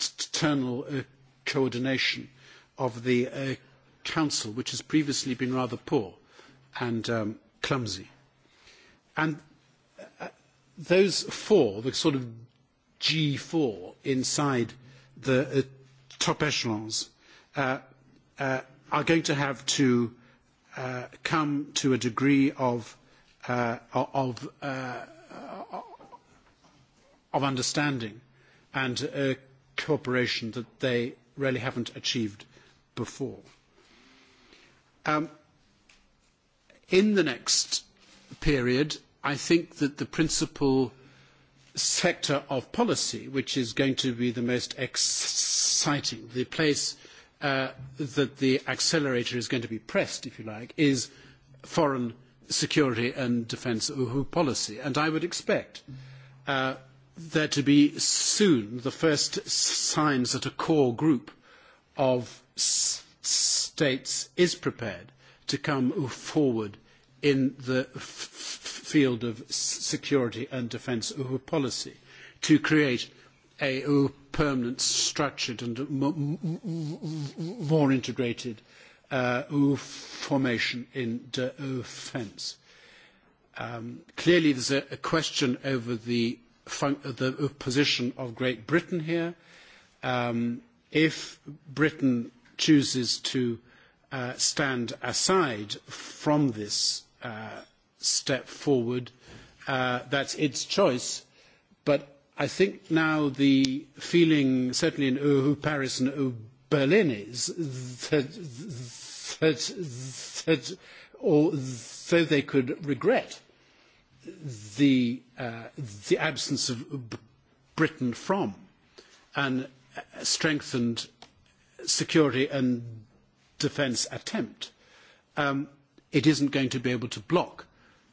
external uh, coordination of the uh, Council, which has previously been rather poor and um, clumsy. And uh, those four, the sort of G4 inside the uh, top echelons, uh, uh, are going to have to uh, come to a degree of, uh, of, uh, of understanding and uh, cooperation that they really haven't achieved before. Um, in the next period, I think that the principal sector of policy, which is going to be the most exciting, the place uh, that the accelerator is going to be pressed, if you like, is foreign security and defence policy. And I would expect uh, there to be soon the first signs that a core group of s- states is prepared to come forward in the f- field of security and defence policy to create a permanent, structured and m- m- more integrated uh, formation in defence. Um, clearly, there's a, a question over the the position of Great Britain here. Um, if Britain chooses to uh, stand aside from this uh, step forward, uh, that's its choice. But I think now the feeling, certainly in Uhu Paris and Uhu Berlin, is that, that, that, that although they could regret the, uh, the absence of B- Britain from an uh, strengthened security and defence attempt, um, it isn't going to be able to block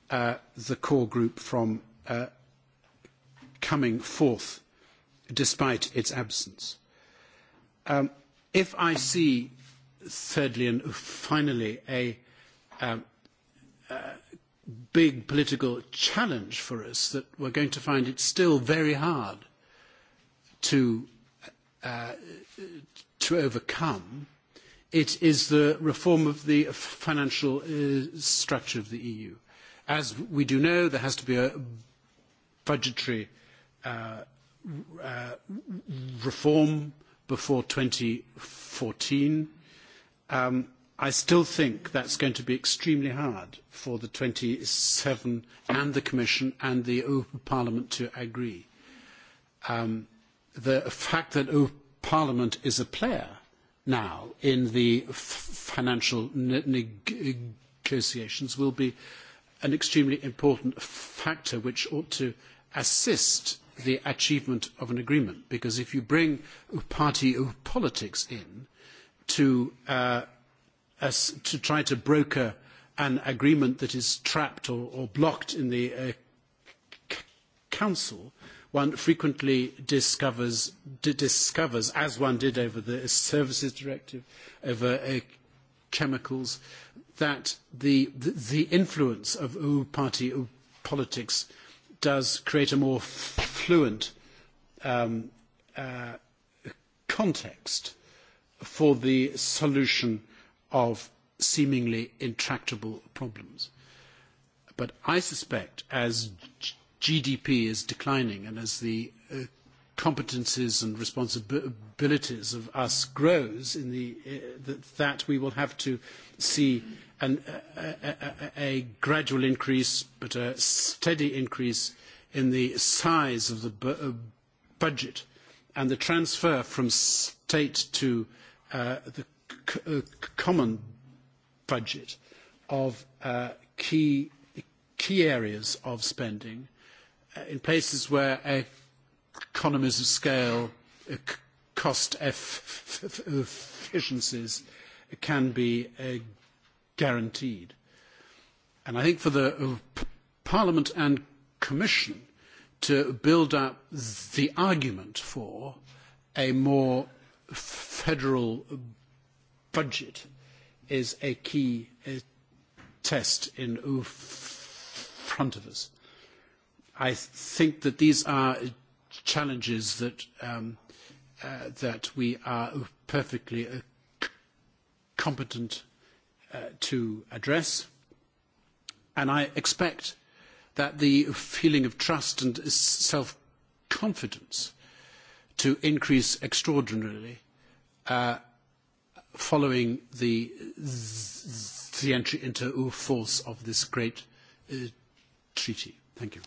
uh, the core group from uh, coming forth despite its absence. Um, if I see, thirdly and finally, a um, uh, uh, big political challenge for us that we're going to find it still very hard to uh, to overcome. It is the reform of the financial uh, structure of the EU. As we do know, there has to be a budgetary uh, uh, reform before 2014. Um, I still think that's going to be extremely hard for the 27 and the Commission and the Open Parliament to agree. Um, the fact that Open Parliament is a player now in the f- financial ne- negotiations will be an extremely important factor which ought to assist the achievement of an agreement. Because if you bring party politics in to uh, as to try to broker an agreement that is trapped or, or blocked in the uh, council, one frequently discovers, d discovers, as one did over the services directive, over uh, chemicals, that the, the, the influence of uh, party uh, politics does create a more fluent um, uh, context for the solution uh, of seemingly intractable problems. But I suspect as GDP is declining and as the uh, competences and responsibilities of us grows in the, uh, the, that we will have to see an, a, a, a, a gradual increase but a steady increase in the size of the b uh, budget and the transfer from state to uh, the Uh, common budget of uh, key key areas of spending uh, in places where economies of scale uh, cost efficiencies can be guaranteed. And I think for the Parliament and Commission to build up the argument for a more federal budget is a key uh, test in front of us. I think that these are challenges that, um, uh, that we are perfectly uh, competent uh, to address. And I expect that the feeling of trust and self-confidence to increase extraordinarily uh, following the, the entry into force of this great uh, treaty. Thank you.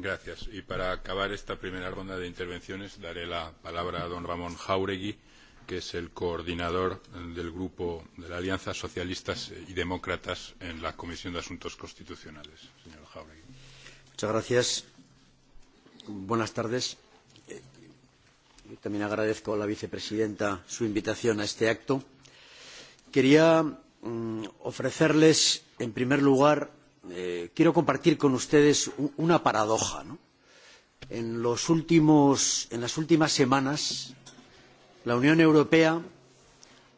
Gracias. Y para acabar esta primera ronda de intervenciones, daré la palabra a don Ramón Jauregui, que es el coordinador del grupo de la Alianza Socialistas y Demócratas en la Comisión de Asuntos Constitucionales. Señor Jauregui. Muchas gracias. Buenas tardes también agradezco a la vicepresidenta su invitación a este acto. Quería mm, ofrecerles, en primer lugar, eh, quiero compartir con ustedes un, una paradoja. ¿no? En, los últimos, en las últimas semanas, la Unión Europea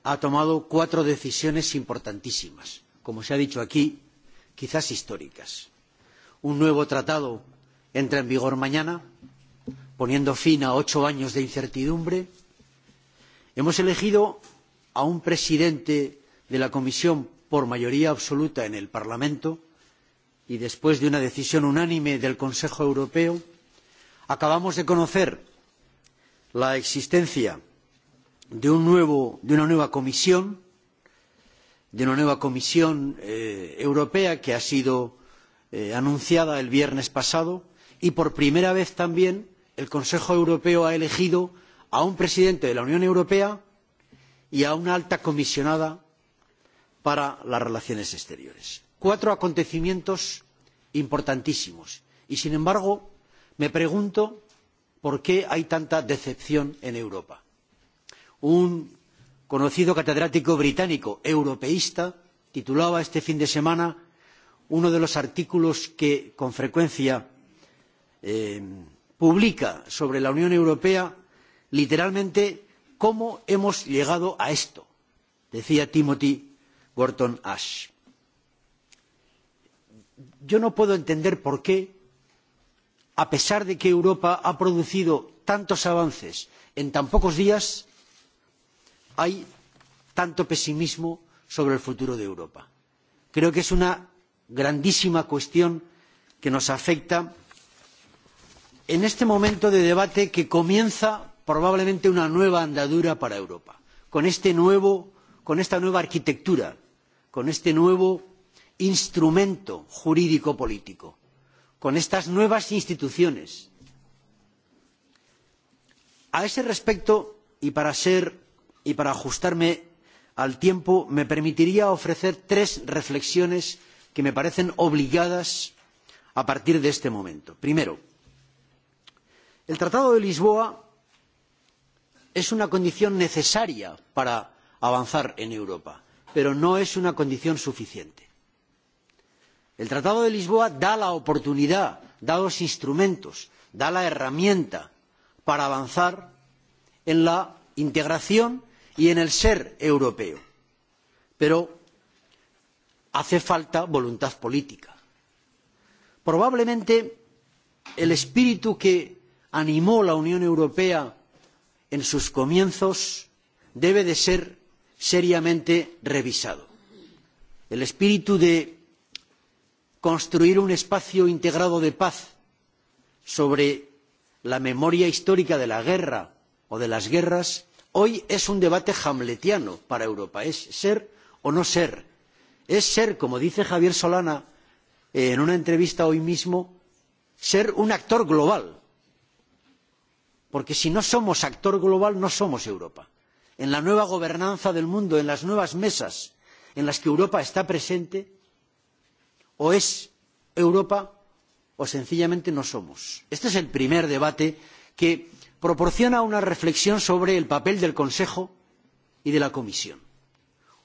ha tomado cuatro decisiones importantísimas, como se ha dicho aquí, quizás históricas. Un nuevo tratado entra en vigor mañana, poniendo fin a ocho años de incertidumbre, hemos elegido a un presidente de la Comisión por mayoría absoluta en el Parlamento y después de una decisión unánime del Consejo Europeo, acabamos de conocer la existencia de, un nuevo, de una nueva comisión, de una nueva comisión eh, europea que ha sido eh, anunciada el viernes pasado y por primera vez también el consejo europeo ha elegido a un presidente de la unión europea y a una alta comisionada para las relaciones exteriores cuatro acontecimientos importantísimos y sin embargo me pregunto por qué hay tanta decepción en europa. un conocido catedrático británico europeísta titulaba este fin de semana uno de los artículos que con frecuencia eh, publica sobre la Unión Europea literalmente cómo hemos llegado a esto, decía Timothy Wharton Ash. Yo no puedo entender por qué, a pesar de que Europa ha producido tantos avances en tan pocos días, hay tanto pesimismo sobre el futuro de Europa. Creo que es una grandísima cuestión que nos afecta en este momento de debate que comienza probablemente una nueva andadura para europa con esta nueva arquitectura con este nuevo instrumento jurídico político con estas nuevas instituciones. a ese respecto y para ajustarme al tiempo me permitiría ofrecer tres reflexiones que me parecen obligadas a partir de este momento. primero el tratado de lisboa es una condición necesaria para avanzar en europa pero no es una condición suficiente. el tratado de lisboa da la oportunidad da los instrumentos da la herramienta para avanzar en la integración y en el ser europeo pero hace falta voluntad política. probablemente el espíritu que animó la unión europea en sus comienzos debe ser seriamente revisado. el espíritu de construir un espacio integrado de paz sobre la memoria histórica de la guerra o de las guerras hoy es un debate hamletiano para europa es ser o no ser es ser como dice javier solana eh, en una entrevista hoy mismo ser un actor global porque si no somos actor global no somos europa. en la nueva gobernanza del mundo en las nuevas mesas en las que europa está presente o es europa o sencillamente no somos. este es el primer debate que proporciona una reflexión sobre el papel del consejo y de la comisión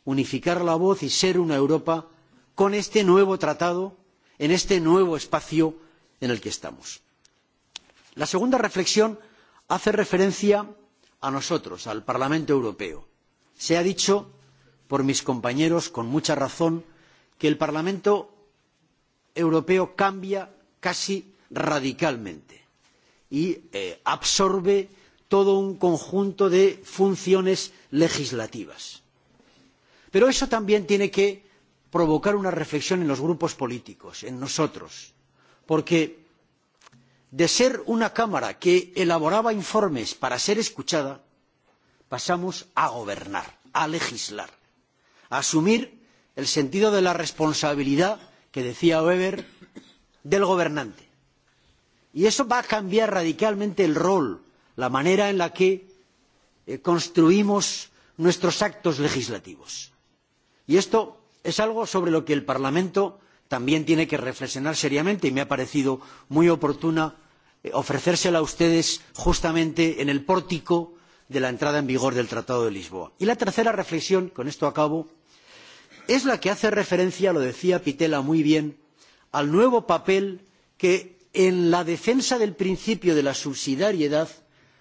unificar la voz y ser una europa con este nuevo tratado en este nuevo espacio en el que estamos. la segunda reflexión hace referencia a nosotros al parlamento europeo. se ha dicho por mis compañeros con mucha razón que el parlamento europeo cambia casi radicalmente y eh, absorbe todo un conjunto de funciones legislativas. pero eso también tiene que provocar una reflexión en los grupos políticos en nosotros porque de ser una cámara que elaboraba informes para ser escuchada pasamos a gobernar a legislar a asumir el sentido de la responsabilidad que decía weber del gobernante y eso va a cambiar radicalmente el rol la manera en la que eh, construimos nuestros actos legislativos y esto es algo sobre lo que el parlamento también tiene que reflexionar seriamente y me ha parecido muy oportuna Eh, ofrecérsela a ustedes justamente en el pórtico de la entrada en vigor del tratado de lisboa. y la tercera reflexión con esto acabo es la que hace referencia lo decía pittella muy bien al nuevo papel que en la defensa del principio de la subsidiariedad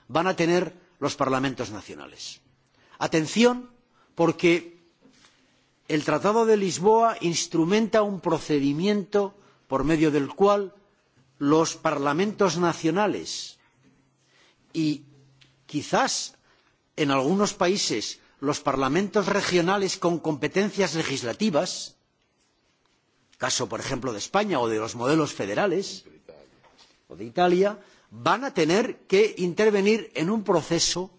van a tener los parlamentos nacionales. atención porque el tratado de lisboa instrumenta un procedimiento por medio del cual los parlamentos nacionales y quizás en algunos países los parlamentos regionales con competencias legislativas caso por ejemplo de españa o de los modelos federales o de italia van a tener que intervenir en un proceso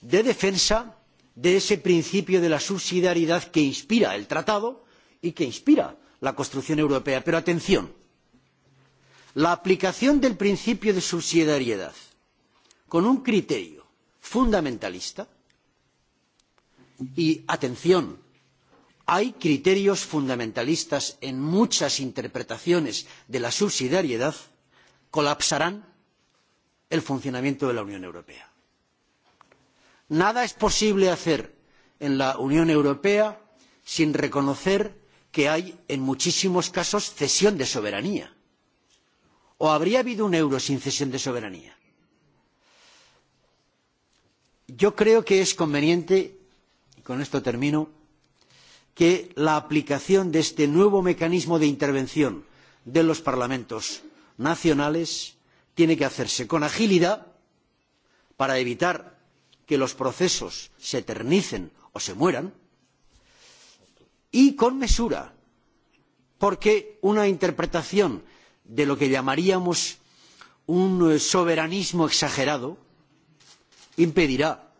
de defensa de ese principio de la subsidiariedad que inspira el tratado y que inspira la construcción europea. pero atención la aplicación del principio de subsidiariedad con un criterio fundamentalista y atención hay criterios fundamentalistas en muchas interpretaciones de la subsidiariedad colapsarán el funcionamiento de la unión europea. nada es posible hacer en la unión europea sin reconocer que hay en muchísimos casos cesión de soberanía o habría habido un euro sin cesión de soberanía? Yo creo que es conveniente, y con esto termino, que la aplicación de este nuevo mecanismo de intervención de los parlamentos nacionales tiene que hacerse con agilidad para evitar que los procesos se eternicen o se mueran y con mesura, porque una interpretación de lo que llamaríamos un eh, soberanismo exagerado impedirá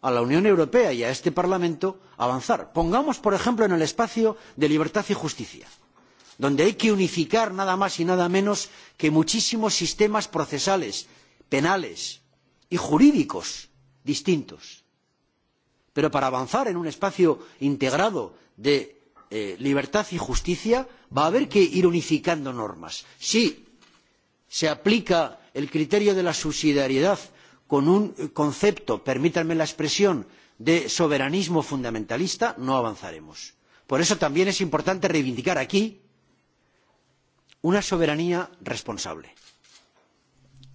a la unión europea y a este parlamento avanzar. pongamos por ejemplo en el espacio de libertad y justicia donde hay que unificar nada más y nada menos que muchísimos sistemas procesales penales y jurídicos distintos pero para avanzar en un espacio integrado de eh, libertad y justicia, va a haber que ir unificando normas. Si se aplica el criterio de la subsidiariedad con un concepto, permítanme la expresión, de soberanismo fundamentalista, no avanzaremos. Por eso también es importante reivindicar aquí una soberanía responsable.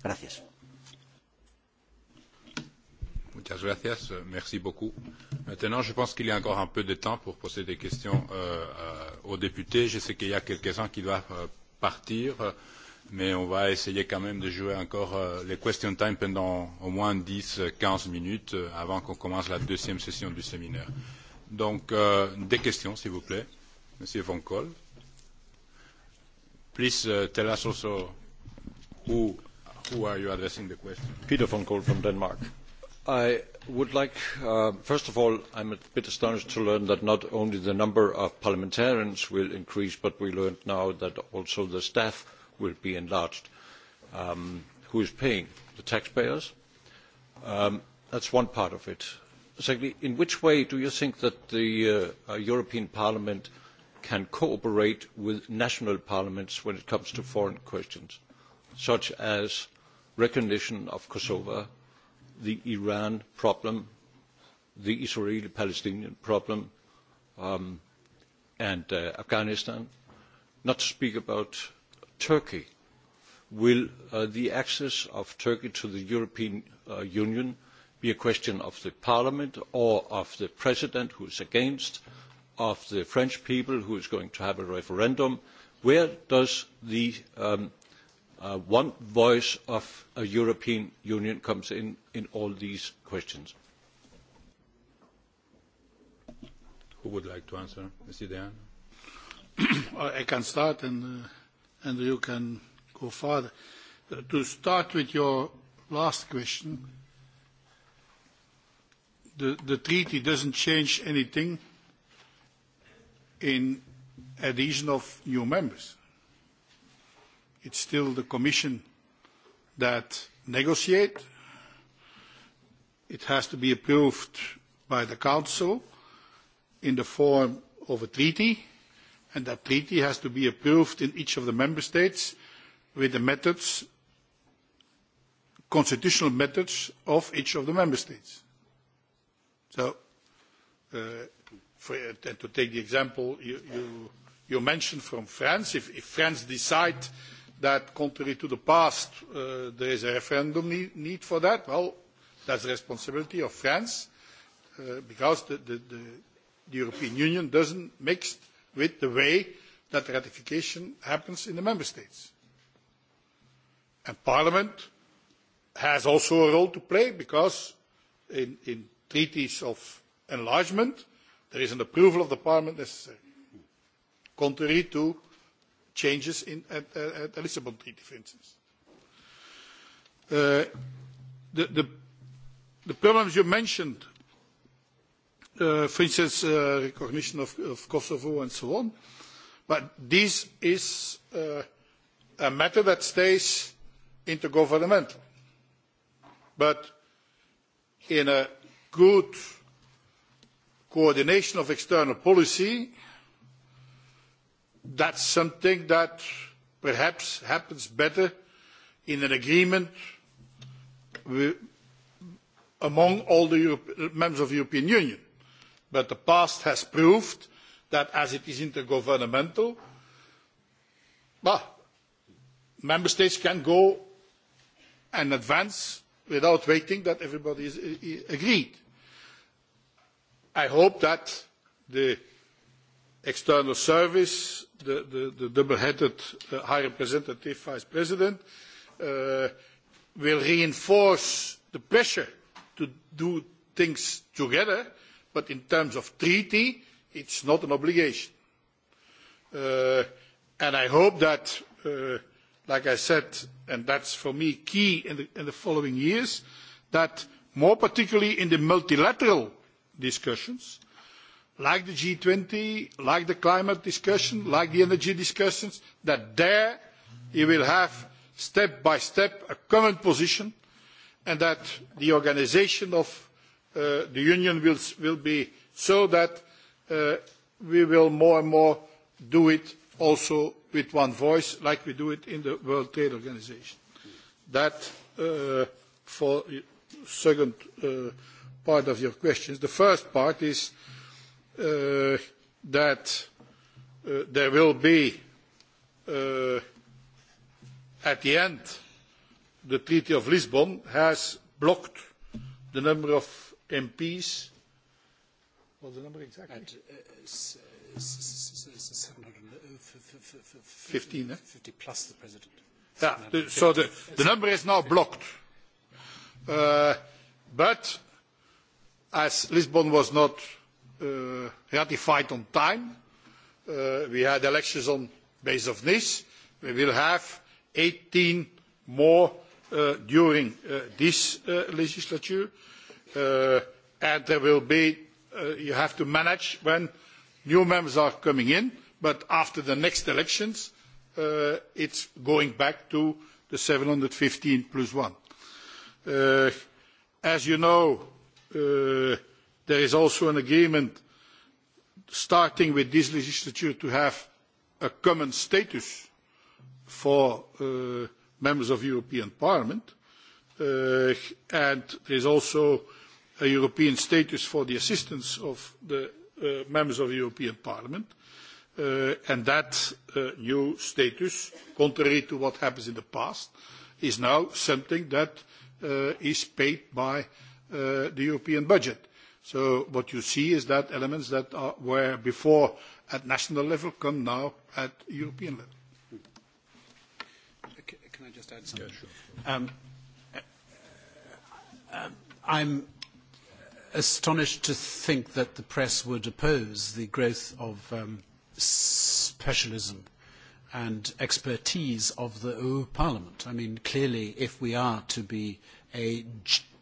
Gracias muchas gracias. Merci beaucoup. Maintenant, je pense qu'il y a encore un peu de temps pour poser des questions euh, aux députés. Je sais qu'il y a quelques-uns qui doivent euh, partir, mais on va essayer quand même de jouer encore euh, les question time pendant au moins 10-15 minutes euh, avant qu'on commence la deuxième session du séminaire. Donc, euh, des questions, s'il vous plaît. Monsieur Von Kohl. Please uh, tell us also who, who are you addressing the question. Peter Von Kohl from Denmark i would like uh, first of all i am a bit astonished to learn that not only the number of parliamentarians will increase but we learned now that also the staff will be enlarged. Um, who is paying? the taxpayers? Um, that is one part of it. secondly in which way do you think that the uh, uh, european parliament can cooperate with national parliaments when it comes to foreign questions such as recognition of kosovo the Iran problem, the Israeli Palestinian problem, um, and uh, Afghanistan, not to speak about Turkey. Will uh, the access of Turkey to the European uh, Union be a question of the parliament or of the president who is against, of the French people who is going to have a referendum? Where does the um, uh, one voice of a European Union comes in in all these questions. Who would like to answer, Mr. Dan? I can start, and uh, and you can go further. Uh, to start with your last question, the the treaty doesn't change anything in adhesion of new members it's still the commission that negotiate. it has to be approved by the council in the form of a treaty, and that treaty has to be approved in each of the member states with the methods, constitutional methods of each of the member states. so, uh, for, uh, to take the example you, you, you mentioned from france, if, if france decides that contrary to the past uh, there is a referendum need, need for that. Well, that's the responsibility of France uh, because the, the, the, the European Union doesn't mix with the way that ratification happens in the member states. And Parliament has also a role to play because in, in treaties of enlargement there is an approval of the Parliament necessary. Contrary to changes in at, uh, at the Lisbon Treaty, for instance. Uh, the, the, the problems you mentioned, uh, for instance, uh, recognition of, of Kosovo and so on, but this is uh, a matter that stays intergovernmental. But in a good coordination of external policy, that's something that perhaps happens better in an agreement with, among all the Europe, members of the European Union. But the past has proved that as it is intergovernmental, bah, member states can go and advance without waiting that everybody is, is agreed. I hope that the external service, the, the, the double-headed uh, high representative vice president, uh, will reinforce the pressure to do things together, but in terms of treaty, it's not an obligation. Uh, and I hope that, uh, like I said, and that's for me key in the, in the following years, that more particularly in the multilateral discussions, uh, like the G20, like the climate discussion, like the energy discussions, that there you will have step by step a common position and that the organization of uh, the union will, will be so that uh, we will more and more do it also with one voice like we do it in the World Trade Organization. That uh, for the second uh, part of your questions. The first part is uh, uh, that uh, there will be uh, at the end the Treaty of Lisbon has blocked the number of MPs What's the number exactly? At, uh, 15, uh, eh? 50 plus the president. Yeah, so the, the number is now blocked. Uh, but as Lisbon was not uh, ratified on time. Uh, we had elections on base of this. We will have 18 more uh, during uh, this uh, legislature. Uh, and there will be, uh, you have to manage when new members are coming in. But after the next elections, uh, it's going back to the 715 plus one. Uh, as you know, uh, there is also an agreement starting with this legislature to have a common status for uh, members of the European Parliament. Uh, and there is also a European status for the assistance of the uh, members of the European Parliament. Uh, and that uh, new status, contrary to what happens in the past, is now something that uh, is paid by uh, the European budget. Uh, What you see is that elements that were before at national level come now at European level. Can I just add something? Yeah, sure. Um, uh, um, I'm astonished to think that the press would oppose the growth of um, specialism and expertise of the EU Parliament. Clearly, if we are to be a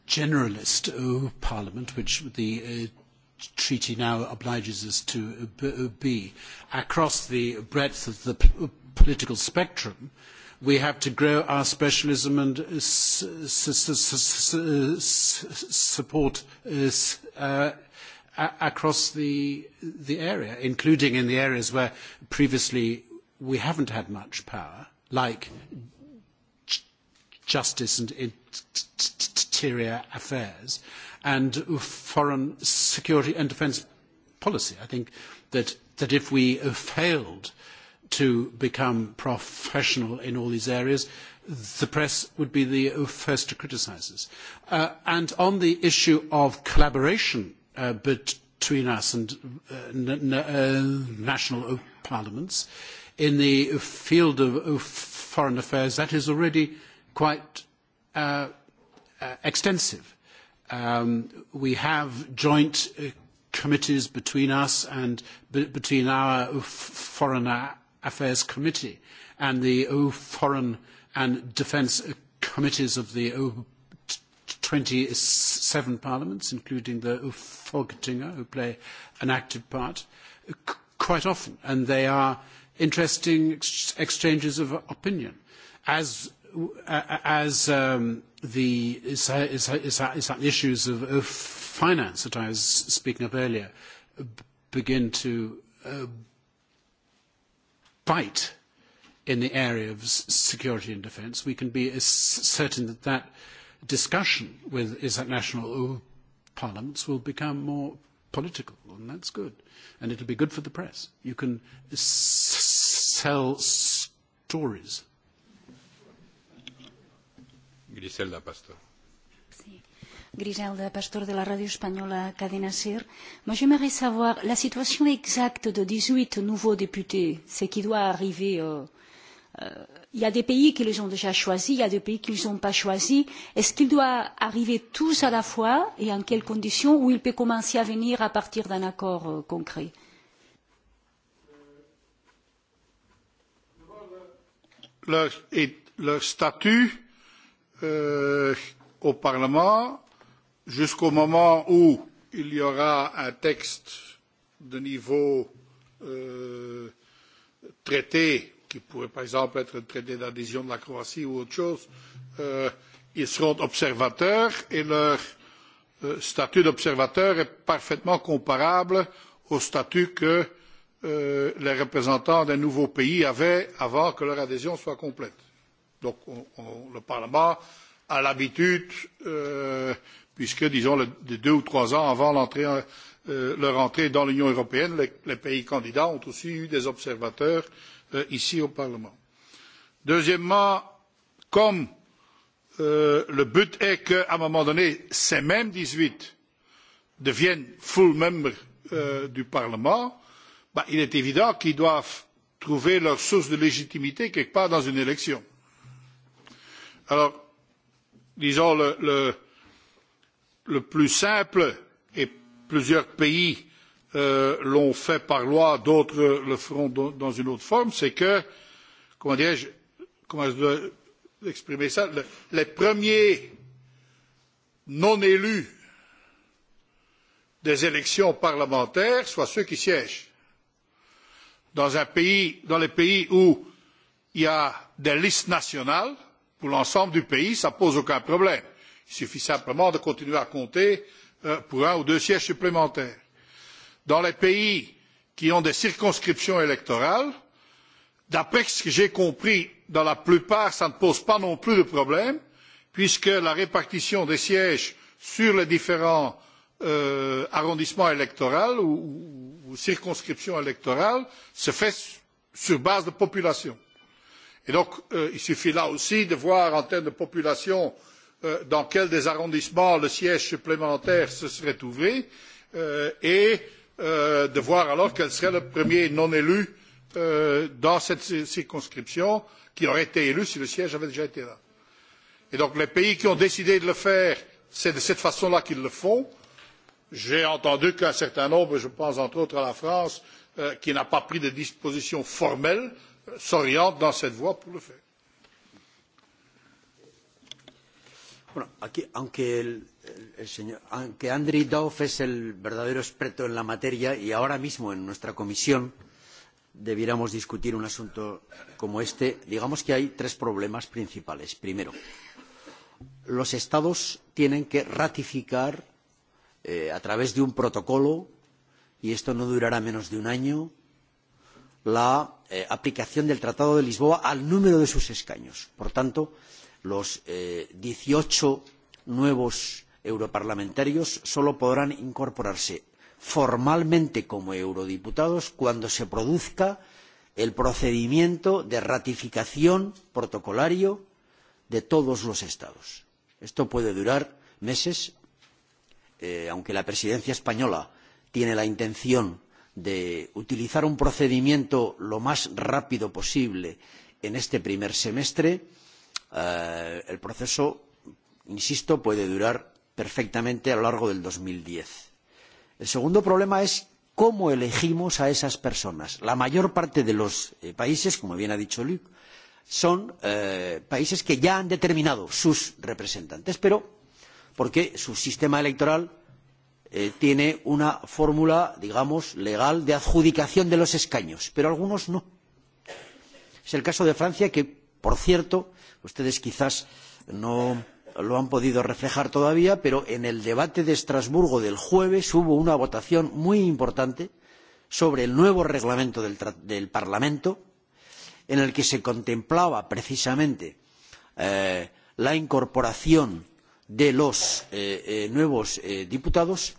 generalist uh, parliament, which the uh, treaty now obliges us to uh, uh be, across the breadth of the p- uh, political spectrum, we have to grow our specialism and uh, s- s- s- s- support uh, uh, across the, the area, including in the areas where previously we haven't had much power, like justice and interior affairs and foreign security and defence policy. I think that, that if we failed to become professional in all these areas, the press would be the first to criticise us. Uh, and on the issue of collaboration uh, between us and uh, uh, national parliaments, in the field of foreign affairs, that is already uh, quite uh, uh, extensive. Um, we have joint uh, committees between us and b between our Oof Foreign Affairs Committee and the Oof Foreign and Defence uh, Committees of the Oof 27 parliaments, including the Fogtinger, who play an active part, uh, quite often. And they are interesting ex exchanges of opinion. As as um, the is, is, is, is that issues of, of finance that I was speaking of earlier begin to uh, bite in the area of security and defence, we can be certain that that discussion with Isaac National uh, parliaments will become more political, and that's good. And it'll be good for the press. You can s sell stories. Griselda Pastor. Griselda Pastor de la radio española Cadena Ser. Moi, j'aimerais savoir la situation exacte de 18 nouveaux députés, ce qui doit arriver. Il euh, euh, y a des pays qui les ont déjà choisis, il y a des pays qui ne les ont pas choisis. Est-ce qu'ils doivent arriver tous à la fois et en quelles conditions ou ils peuvent commencer à venir à partir d'un accord euh, concret leur, et, leur statut euh, euh, au Parlement jusqu'au moment où il y aura un texte de niveau euh, traité, qui pourrait par exemple être un traité d'adhésion de la Croatie ou autre chose, euh, ils seront observateurs et leur euh, statut d'observateur est parfaitement comparable au statut que euh, les représentants d'un nouveau pays avaient avant que leur adhésion soit complète. Donc on, on, le Panama a l'habitude, euh, puisque disons le, les deux ou trois ans avant entrée, euh, leur entrée dans l'Union européenne, les, les pays candidats ont aussi eu des observateurs euh, ici au Parlement. Deuxièmement, comme euh, le but est qu'à un moment donné, ces mêmes 18 deviennent full members euh, du Parlement, bah, il est évident qu'ils doivent trouver leur source de légitimité quelque part dans une élection. Alors, disons le, le, le plus simple, et plusieurs pays euh, l'ont fait par loi, d'autres le feront do, dans une autre forme, c'est que, comment dirais-je, comment je dois exprimer ça, le, les premiers non élus des élections parlementaires soient ceux qui siègent. Dans un pays, dans les pays où il y a des listes nationales, pour l'ensemble du pays, ça ne pose aucun problème. Il suffit simplement de continuer à compter euh, pour un ou deux sièges supplémentaires. Dans les pays qui ont des circonscriptions électorales, d'après ce que j'ai compris, dans la plupart, ça ne pose pas non plus de problème, puisque la répartition des sièges sur les différents euh, arrondissements électoraux ou, ou, ou circonscriptions électorales se fait sur base de population donc euh, il suffit là aussi de voir en termes de population euh, dans quel des arrondissements le siège supplémentaire se serait trouvé euh, et de voir alors quel serait le premier non élu dans cette circonscription qui aurait été élu si le siège avait déjà été là. donc les pays qui ont décidé de le faire c'est de cette façon là qu'ils le font. j'ai entendu qu'un certain nombre je pense entre autres à la france qui n'a pas pris de disposition formelle s'oriente dans cette voie pour le faire. Bueno, aquí, aunque el, el señor, aunque Andriy Dov es el verdadero experto en la materia y ahora mismo en nuestra comisión debiéramos discutir un asunto como este, digamos que hay tres problemas principales. Primero, los Estados tienen que ratificar eh, a través de un protocolo, y esto no durará menos de un año, la eh, aplicación del Tratado de Lisboa al número de sus escaños. Por tanto, los eh, 18 nuevos europarlamentarios solo podrán incorporarse formalmente como eurodiputados cuando se produzca el procedimiento de ratificación protocolario de todos los Estados. Esto puede durar meses, eh, aunque la presidencia española tiene la intención de utilizar un procedimiento lo más rápido posible en este primer semestre, eh, el proceso, insisto, puede durar perfectamente a lo largo del 2010. El segundo problema es cómo elegimos a esas personas. La mayor parte de los eh, países, como bien ha dicho Luc, son eh, países que ya han determinado sus representantes, pero porque su sistema electoral Eh, tiene una fórmula digamos legal de adjudicación de los escaños pero algunos no. es el caso de francia que por cierto ustedes quizás no lo han podido reflejar todavía pero en el debate de estrasburgo del jueves hubo una votación muy importante sobre el nuevo reglamento del, del parlamento en el que se contemplaba precisamente eh, la incorporación de los eh, eh, nuevos eh, diputados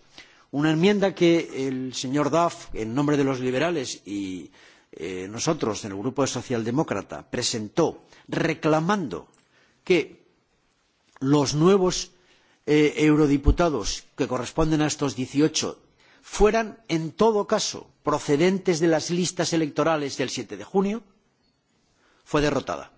una enmienda que el señor duff en nombre de los liberales y eh, nosotros en el grupo socialdemócrata presentó reclamando que los nuevos eh, eurodiputados que corresponden a estos 18 fueran en todo caso procedentes de las listas electorales del 7 de junio, fue derrotada.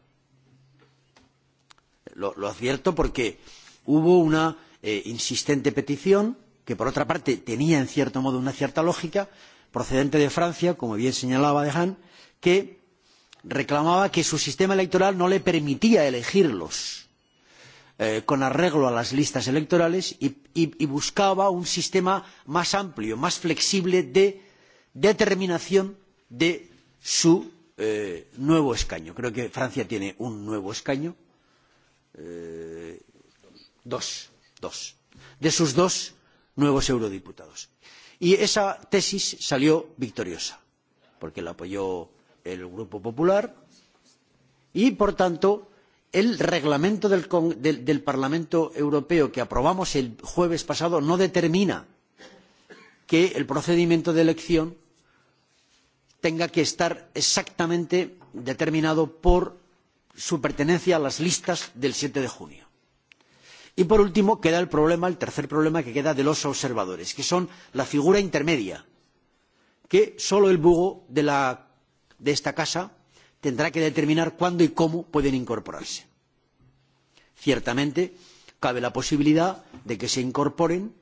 Lo, lo advierto porque hubo una eh, insistente petición que por otra parte tenía en cierto modo una cierta lógica procedente de francia como bien señalaba dehaene que reclamaba que su sistema electoral no le permitía elegirlos eh, con arreglo a las listas electorales y, y, y buscaba un sistema más amplio más flexible de determinación de su eh, nuevo escaño. Creo que Francia tiene un nuevo escaño. Eh, dos, dos. De sus dos, nuevos eurodiputados. Y esa tesis salió victoriosa, porque la apoyó el Grupo Popular y, por tanto, el reglamento del, Cong del, del Parlamento Europeo que aprobamos el jueves pasado no determina que el procedimiento de elección tenga que estar exactamente determinado por su pertenencia a las listas del 7 de junio y por último queda el problema el tercer problema que queda de los observadores que son la figura intermedia que solo el buzo de esta casa tendrá que determinar cuándo y cómo pueden incorporarse. ciertamente cabe la posibilidad de que se incorporen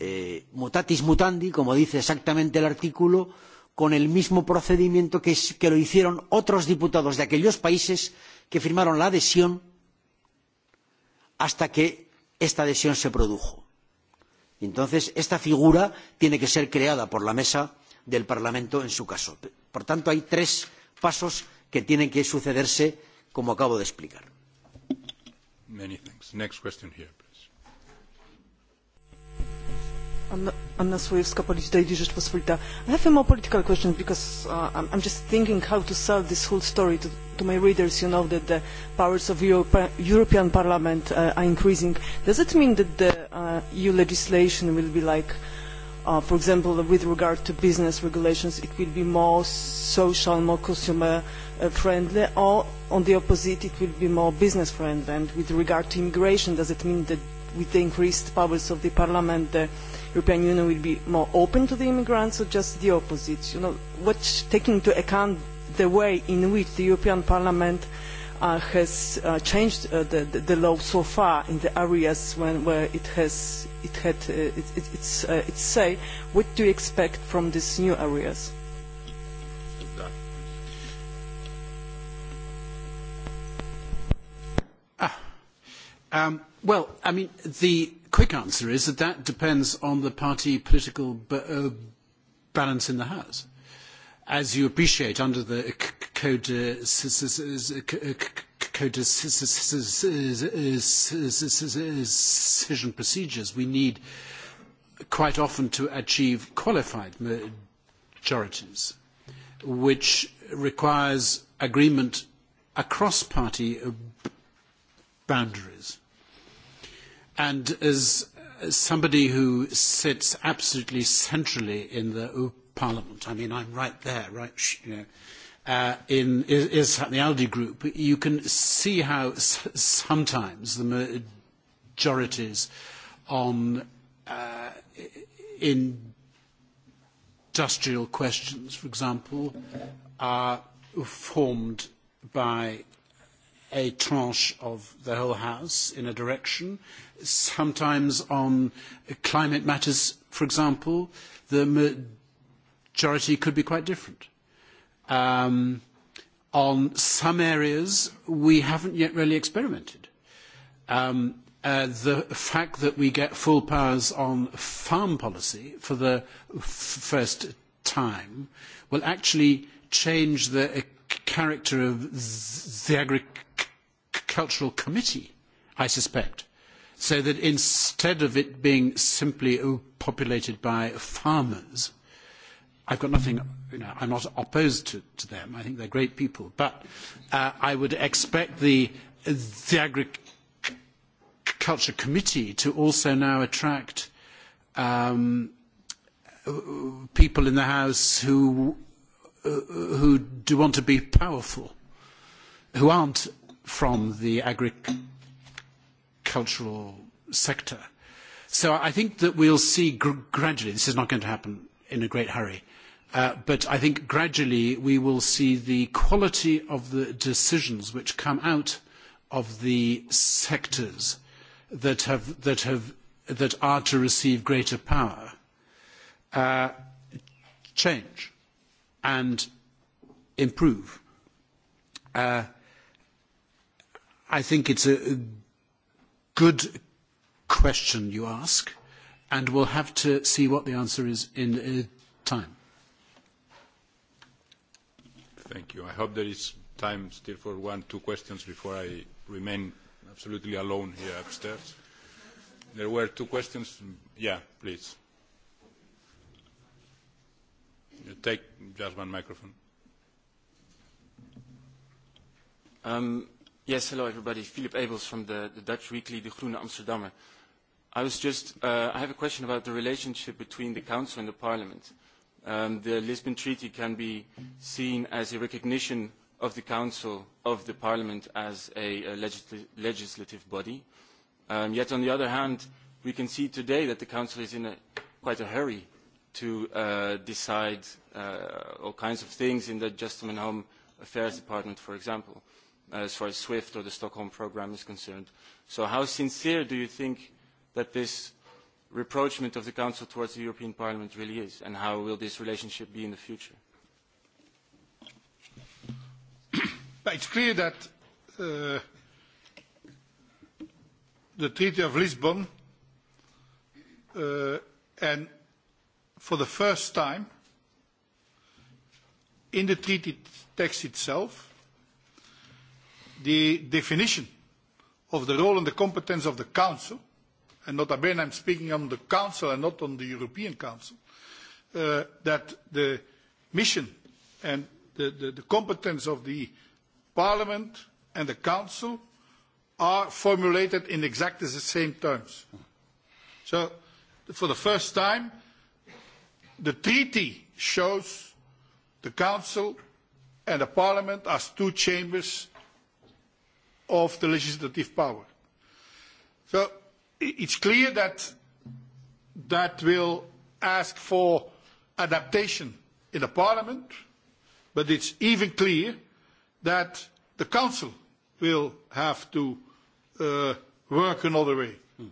eh, mutatis mutandis como dice exactamente el artículo con el mismo procedimiento que lo hicieron otros diputados de aquellos países que firmaron la adhesión hasta que esta adhesión se produjo. Entonces, esta figura tiene que ser creada por la mesa del Parlamento en su caso. Por tanto, hay tres pasos que tienen que sucederse, como acabo de explicar. Many thanks. Next question here, I'm not, I'm not sure if Skapolita is just Pospolita. I have a more political question because uh, I'm, I'm just thinking how to sell this whole story to, to my readers. You know that the powers of Europe, European Parliament uh, are increasing. Does it mean that the uh, EU legislation will be like, uh, for example, with regard to business regulations, it will be more social, more consumer uh, friendly, or on the opposite, it will be more business friendly? And with regard to immigration, does it mean that with the increased powers of the Parliament, the uh, European Union will be more open to the immigrants or just the opposite? You know, what, taking into account the way in which the European Parliament uh, has uh, changed uh, the, the, the law so far in the areas when, where it has it had uh, it, it, its, uh, its say, what do you expect from these new areas? Ah, um, well, I mean, the quick answer is that that depends on the party political balance in the House. As you appreciate, under the code decision procedures, we need quite often to achieve qualified majorities, which requires agreement across party boundaries. And as somebody who sits absolutely centrally in the uh, Parliament, I mean, I'm right there, right, you know, uh, in is, is the Aldi group, you can see how s- sometimes the majorities on uh, industrial questions, for example, are formed by a tranche of the whole House in a direction sometimes on climate matters, for example, the majority could be quite different. Um, on some areas, we haven't yet really experimented. Um, uh, the fact that we get full powers on farm policy for the f first time will actually change the uh, character of the Agricultural Committee, I suspect so that instead of it being simply populated by farmers, I've got nothing, you know, I'm not opposed to, to them, I think they're great people, but uh, I would expect the, the Agriculture Committee to also now attract um, people in the House who, uh, who do want to be powerful, who aren't from the agriculture cultural sector. So I think that we'll see gr- gradually, this is not going to happen in a great hurry, uh, but I think gradually we will see the quality of the decisions which come out of the sectors that, have, that, have, that are to receive greater power uh, change and improve. Uh, I think it's a, a good question you ask, and we'll have to see what the answer is in uh, time. Thank you. I hope there is time still for one, two questions before I remain absolutely alone here upstairs. There were two questions. Yeah, please. You take just one microphone. Um, Yes, hello everybody. Philip Abels from the, the Dutch weekly De Groene Amsterdammer. I was just, uh, I have a question about the relationship between the Council and the Parliament. Um, the Lisbon Treaty can be seen as a recognition of the Council, of the Parliament as a, a legisl legislative body. Um, yet on the other hand, we can see today that the Council is in a, quite a hurry to uh, decide uh, all kinds of things in the Justum and Home Affairs Department, for example. Uh, as far as SWIFT or the Stockholm program is concerned. So how sincere do you think that this reproachment of the Council towards the European Parliament really is, and how will this relationship be in the future? It's clear that uh, the Treaty of Lisbon, uh, and for the first time, in the treaty text itself, the definition of the role and the competence of the Council, and not bene, I'm speaking on the Council and not on the European Council, uh, that the mission and the, the, the competence of the Parliament and the Council are formulated in exactly the same terms. So, for the first time, the treaty shows the Council and the Parliament as two chambers of the legislative power. So it's clear that that will ask for adaptation in the Parliament, but it's even clear that the Council will have to uh, work another way. Mm.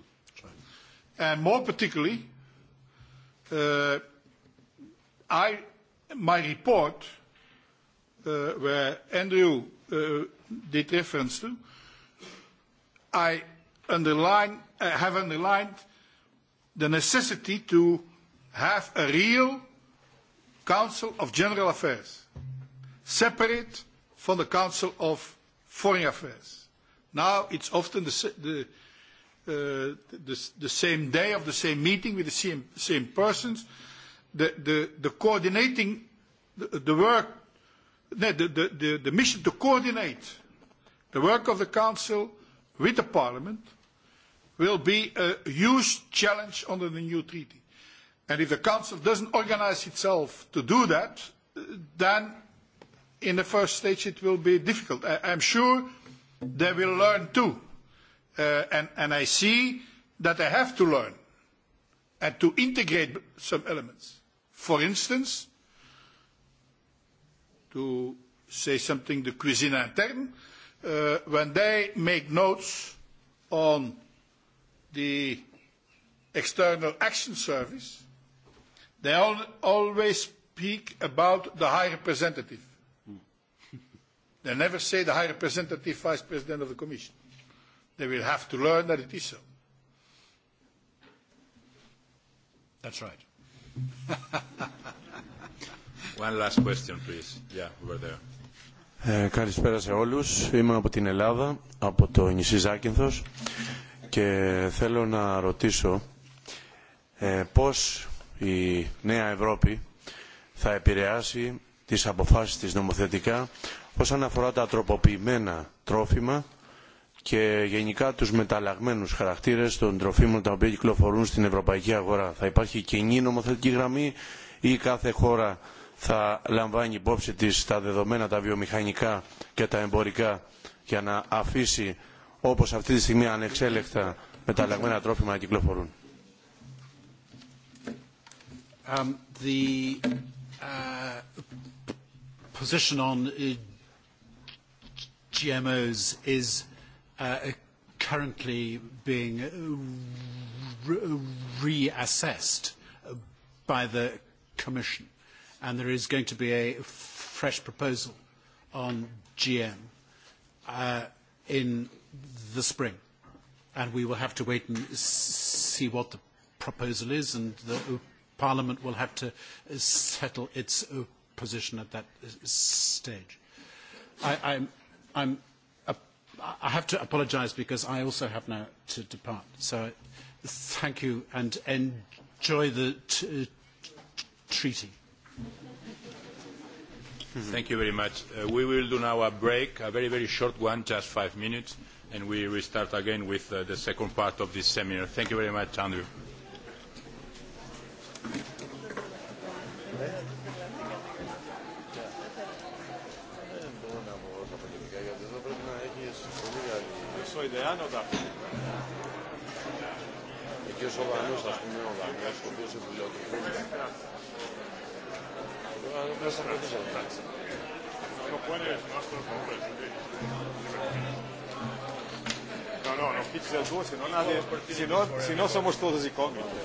And more particularly, uh, I, my report, uh, where Andrew Eh, difference too. I underline, eh, have underlined the necessity to have a real Council of General Affairs, separate from the Council of Foreign Affairs. Now, it's often the eh, same day of the same meeting with the same persons. The coordinating work the, the, the mission to coordinate the work of the Council with the Parliament will be a huge challenge under the new treaty. And if the Council doesn't organize itself to do that, then in the first stage it will be difficult. I, I'm sure they will learn too. Uh, and, and I see that they have to learn and to integrate some elements. For instance, to say something the cuisine interne uh, when they make notes on the external action service they all, always speak about the high representative hmm. they never say the high representative vice president of the commission they will have to learn that it is so that's right Καλησπέρα σε όλους. Είμαι από την Ελλάδα, από το νησί Ζάκυνθος και θέλω να ρωτήσω ε, πώς η νέα Ευρώπη θα επηρεάσει τις αποφάσεις της νομοθετικά όσον αφορά τα τροποποιημένα τρόφιμα και γενικά τους μεταλλαγμένους χαρακτήρες των τροφίμων τα οποία κυκλοφορούν στην Ευρωπαϊκή αγορά. Θα υπάρχει κοινή νομοθετική γραμμή ή κάθε χώρα θα λαμβάνει υπόψη της τα δεδομένα τα βιομηχανικά και τα εμπορικά για να αφήσει όπως αυτή τη στιγμή ανεξέλεκτα μεταλλαγμένα τρόφιμα να κυκλοφορούν. Um, the uh, position on uh, GMOs is uh, currently being reassessed by the Commission and there is going to be a f- fresh proposal on GM uh, in the spring. And we will have to wait and s- see what the proposal is, and the uh, Parliament will have to uh, settle its uh, position at that uh, stage. I, I'm, I'm, uh, I have to apologize because I also have now to depart. So thank you and enjoy the t- t- treaty. Mhm. Thank you very much. Uh, we will do now a break, a very, very short one, just five minutes, and we restart again with uh, the second part of this seminar. Thank you very much, Andrew. Δεν είναι άνοδα. Εκεί ο Σοβαρός, ας πούμε, ο Δανιάς, ο οποίος επιλέγει. No puedes, no has los nombres. No, no, no pizza el dúo, si no nadie. No, si no, si no somos todos icónicos.